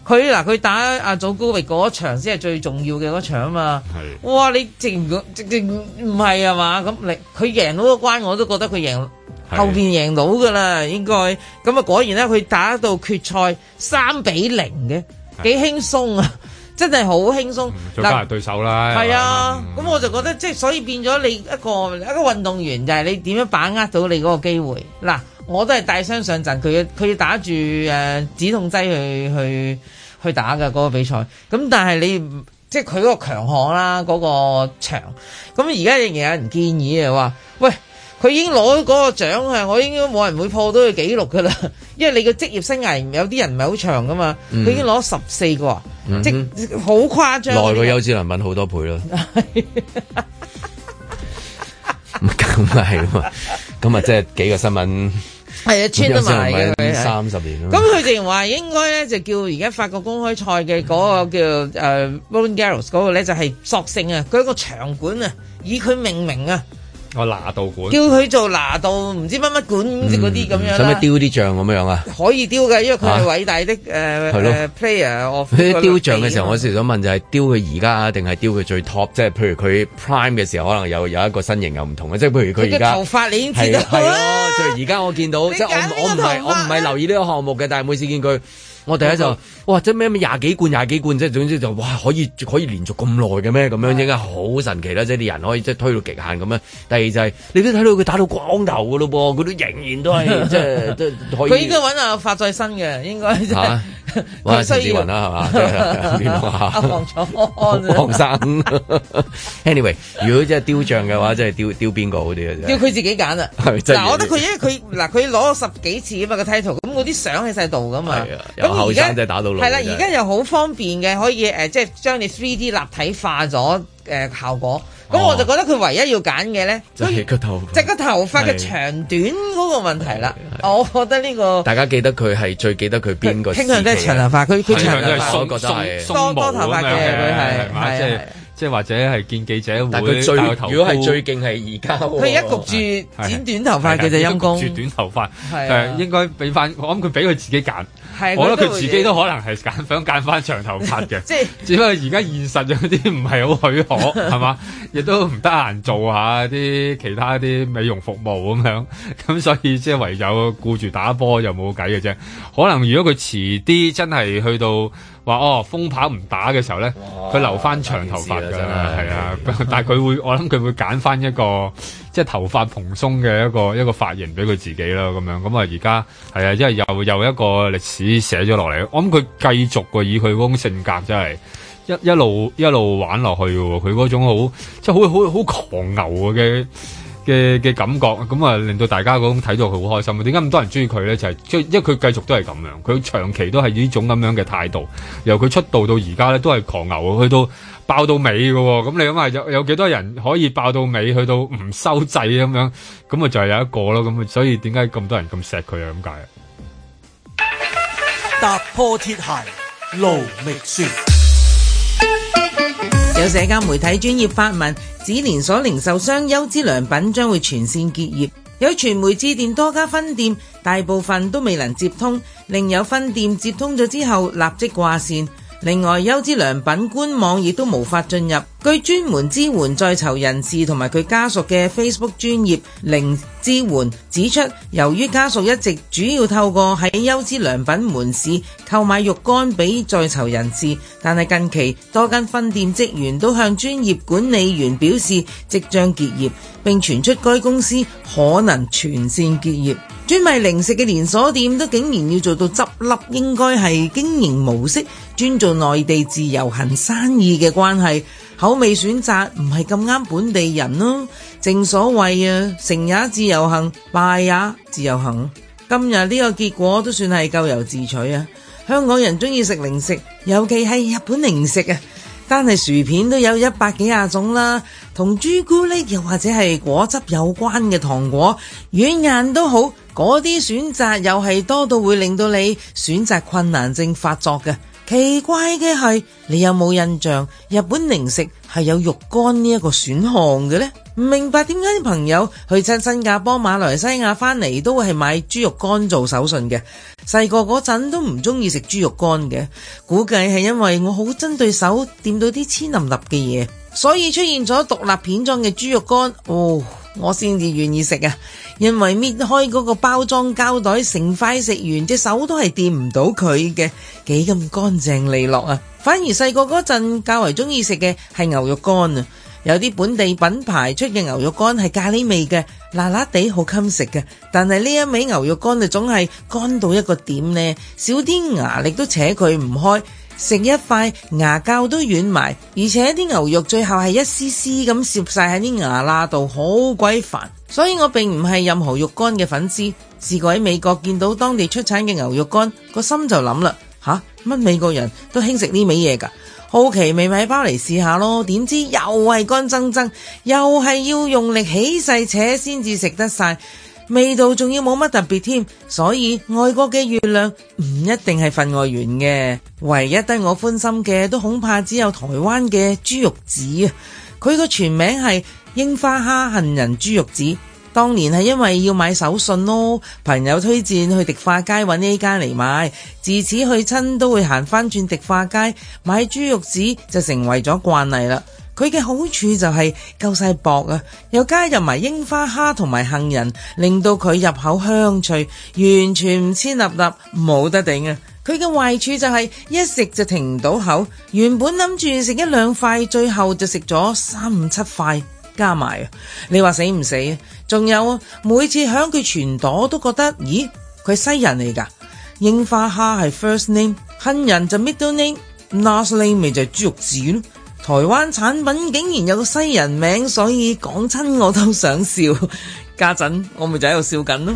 佢嗱佢打阿祖高域嗰場先係最重要嘅嗰場啊嘛，哇你直唔直唔係啊嘛？咁你佢贏到個關我都覺得佢贏後邊贏到㗎啦，應該咁啊果然咧佢打到決賽三比零嘅幾輕鬆啊，真係好輕鬆。埋對手啦，係啊，咁我就覺得即係所以變咗你一個一個運動員就係你點樣把握到你嗰個機會嗱，我都係帶傷上陣，佢要佢打住誒止痛劑去去。去打嘅嗰、那個比賽，咁、嗯、但係你即係佢嗰個強項啦，嗰、那個長。咁而家仍然有人建議啊，話：喂，佢已經攞嗰個獎係，我應該冇人會破到佢紀錄㗎啦。因為你個職業生涯有啲人唔係好長㗎嘛，佢已經攞十四個，嗯、哼即好誇張。耐過優質文憑好多倍咯。咁啊咁啊即係幾個新聞。係啊，穿得埋嘅，三十年。咁佢哋話應該咧，就叫而家法國公開賽嘅嗰個叫誒，Roland、 uh, Garros 嗰個咧就係、是、索性啊，佢一個場館啊，以佢命名啊。我拿度館，叫佢做拿度唔知乜乜館嗰啲咁樣啦。使唔使雕啲像咁樣啊？可以雕嘅，因為佢係偉大的誒誒 player 我。佢雕像嘅時候，我試想問就係雕佢而家啊？定係雕佢最 top，即係譬如佢 prime 嘅時候，可能有有一個身形又唔同嘅，即係譬如佢而家。啲頭髮你已經知係咯，就係而家我見到，即係我我唔係我唔係留意呢個項目嘅，但係每次見佢。我第一就哇，即咩咩廿幾罐廿幾罐，即係總之就哇，可以可以連續咁耐嘅咩咁樣，應該好神奇啦！即係啲人可以即係推到極限咁樣。第二就係你都睇到佢打到光頭嘅咯噃，佢都仍然都係即係佢應該揾阿法在新嘅，應該即係。阿黃松，黃生。anyway，如果即係雕像嘅話，即係雕雕邊個好啲啊？雕佢自己揀啦。嗱，我覺得佢因為佢嗱，佢攞咗十幾次啊嘛個 title，咁嗰啲相喺曬度噶嘛。而家即係打到落，係啦的！而家又好方便嘅，可以誒，即、呃、係、就是、將你 3D 立體化咗誒效果。咁、哦、我就覺得佢唯一要揀嘅咧，就係個頭，即係個頭髮嘅長短嗰個問題啦。我覺得呢、這個大家記得佢係最記得佢邊個，傾向都係長頭髮，佢佢長頭髮鬆鬆毛多頭髮嘅佢係。即係或者係見記者會戴頭箍，如果係最勁係而家，佢一焗住剪短頭髮嘅就陰功，焗住短頭髮係應該俾翻。我諗佢俾佢自己揀，我覺得佢自己都可能係揀想揀翻長頭髮嘅。即係只不過而家現實有啲唔係好許可係嘛，亦都唔得閒做下啲其他啲美容服務咁樣，咁所以即係唯有顧住打波又冇計嘅啫。可能如果佢遲啲真係去到話哦，風跑唔打嘅時候咧，佢留翻長頭髮。係啊， 但係佢會，我諗佢會揀翻一個即係，就是，頭髮蓬鬆嘅一個一個髮型俾佢自己啦。咁樣，咁啊而家係啊，即係又又一個歷史寫咗落嚟。我諗佢繼續個以佢嗰種性格，真係一一路一路玩落去嘅。佢嗰種好即係好好好狂牛嘅嘅嘅感覺，咁啊令到大家嗰種睇到佢好開心啊！點解咁多人中意佢咧？就係即係因為佢繼續都係咁樣，佢長期都係呢種咁樣嘅態度。由佢出道到而家咧，都係狂牛去到爆到尾嘅喎，咁你諗下有有幾多人可以爆到尾去到唔收制咁樣？咁啊就係有一個咯，咁所以點解咁多人咁錫佢啊咁解啊？踏破鐵鞋路未熟，有社交媒體專業發文指連鎖零售商優之良品將會全線結業。有傳媒致電多家分店，大部分都未能接通，另有分店接通咗之後立即掛線。另外，優質良品官網亦都無法進入。據專門支援在囚人士同埋佢家屬嘅 Facebook 專業零支援指出，由於家屬一直主要透過喺優之良品門市購買肉乾俾在囚人士，但係近期多間分店職員都向專業管理員表示即將結業，並傳出該公司可能全線結業。專賣零食嘅連鎖店都竟然要做到執笠，應該係經營模式專做內地自由行生意嘅關係。口味選擇唔係咁啱本地人咯，正所謂啊，成也自由行，敗也自由行。今日呢個結果都算係咎由自取啊！香港人鍾意食零食，尤其係日本零食啊，單係薯片都有一百幾廿種啦，同朱古力又或者係果汁有關嘅糖果，軟硬都好，嗰啲選擇又係多到會令到你選擇困難症發作嘅。奇怪嘅係，你有冇印象日本零食係有肉乾呢一個選項嘅呢？唔明白點解啲朋友去親新加坡、馬來西亞翻嚟都會係買豬肉乾做手信嘅？細個嗰陣都唔中意食豬肉乾嘅，估計係因為我好針對手掂到啲黐淋淋嘅嘢，所以出現咗獨立片狀嘅豬肉乾哦。我先至願意食啊，因為搣開嗰個包裝膠袋，成塊食完隻手都係掂唔到佢嘅，幾咁乾淨利落啊！反而細個嗰陣較為中意食嘅係牛肉乾啊，有啲本地品牌出嘅牛肉乾係咖喱味嘅，辣辣地好襟食嘅。但係呢一味牛肉乾就總係乾到一個點呢，少啲牙力都扯佢唔開。食一塊牙膠都軟埋，而且啲牛肉最後係一絲絲咁攝晒喺啲牙罅度，好鬼煩。所以我並唔係任何肉乾嘅粉絲，試過喺美國見到當地出產嘅牛肉乾，個心就諗啦吓，乜美國人都興食呢味嘢噶？好奇未買包嚟試下咯？點知又係乾爭爭，又係要用力起勢扯先至食得晒。味道仲要冇乜特別添，所以外國嘅月亮唔一定係分外圓嘅。唯一得我歡心嘅，都恐怕只有台灣嘅豬肉子啊！佢個全名係櫻花蝦杏仁豬肉子。當年係因為要買手信咯，朋友推薦去迪化街搵呢間嚟買，自此去親都會行返轉迪化街買豬肉子，就成為咗慣例啦。佢嘅好處就係夠曬薄啊，又加入埋櫻花蝦同埋杏仁，令到佢入口香脆，完全唔黐立立，冇得頂啊！佢嘅壞處就係一食就停唔到口，原本諗住食一兩塊，最後就食咗三五七塊加埋啊！你話死唔死啊？仲有啊，每次響佢全朵都覺得，咦，佢係西人嚟噶？櫻花蝦係 first name，杏仁就 middle name，last name 咪就係豬肉子咯。台灣產品竟然有個西人名，所以講親我都想笑，家陣我咪就喺度笑緊咯。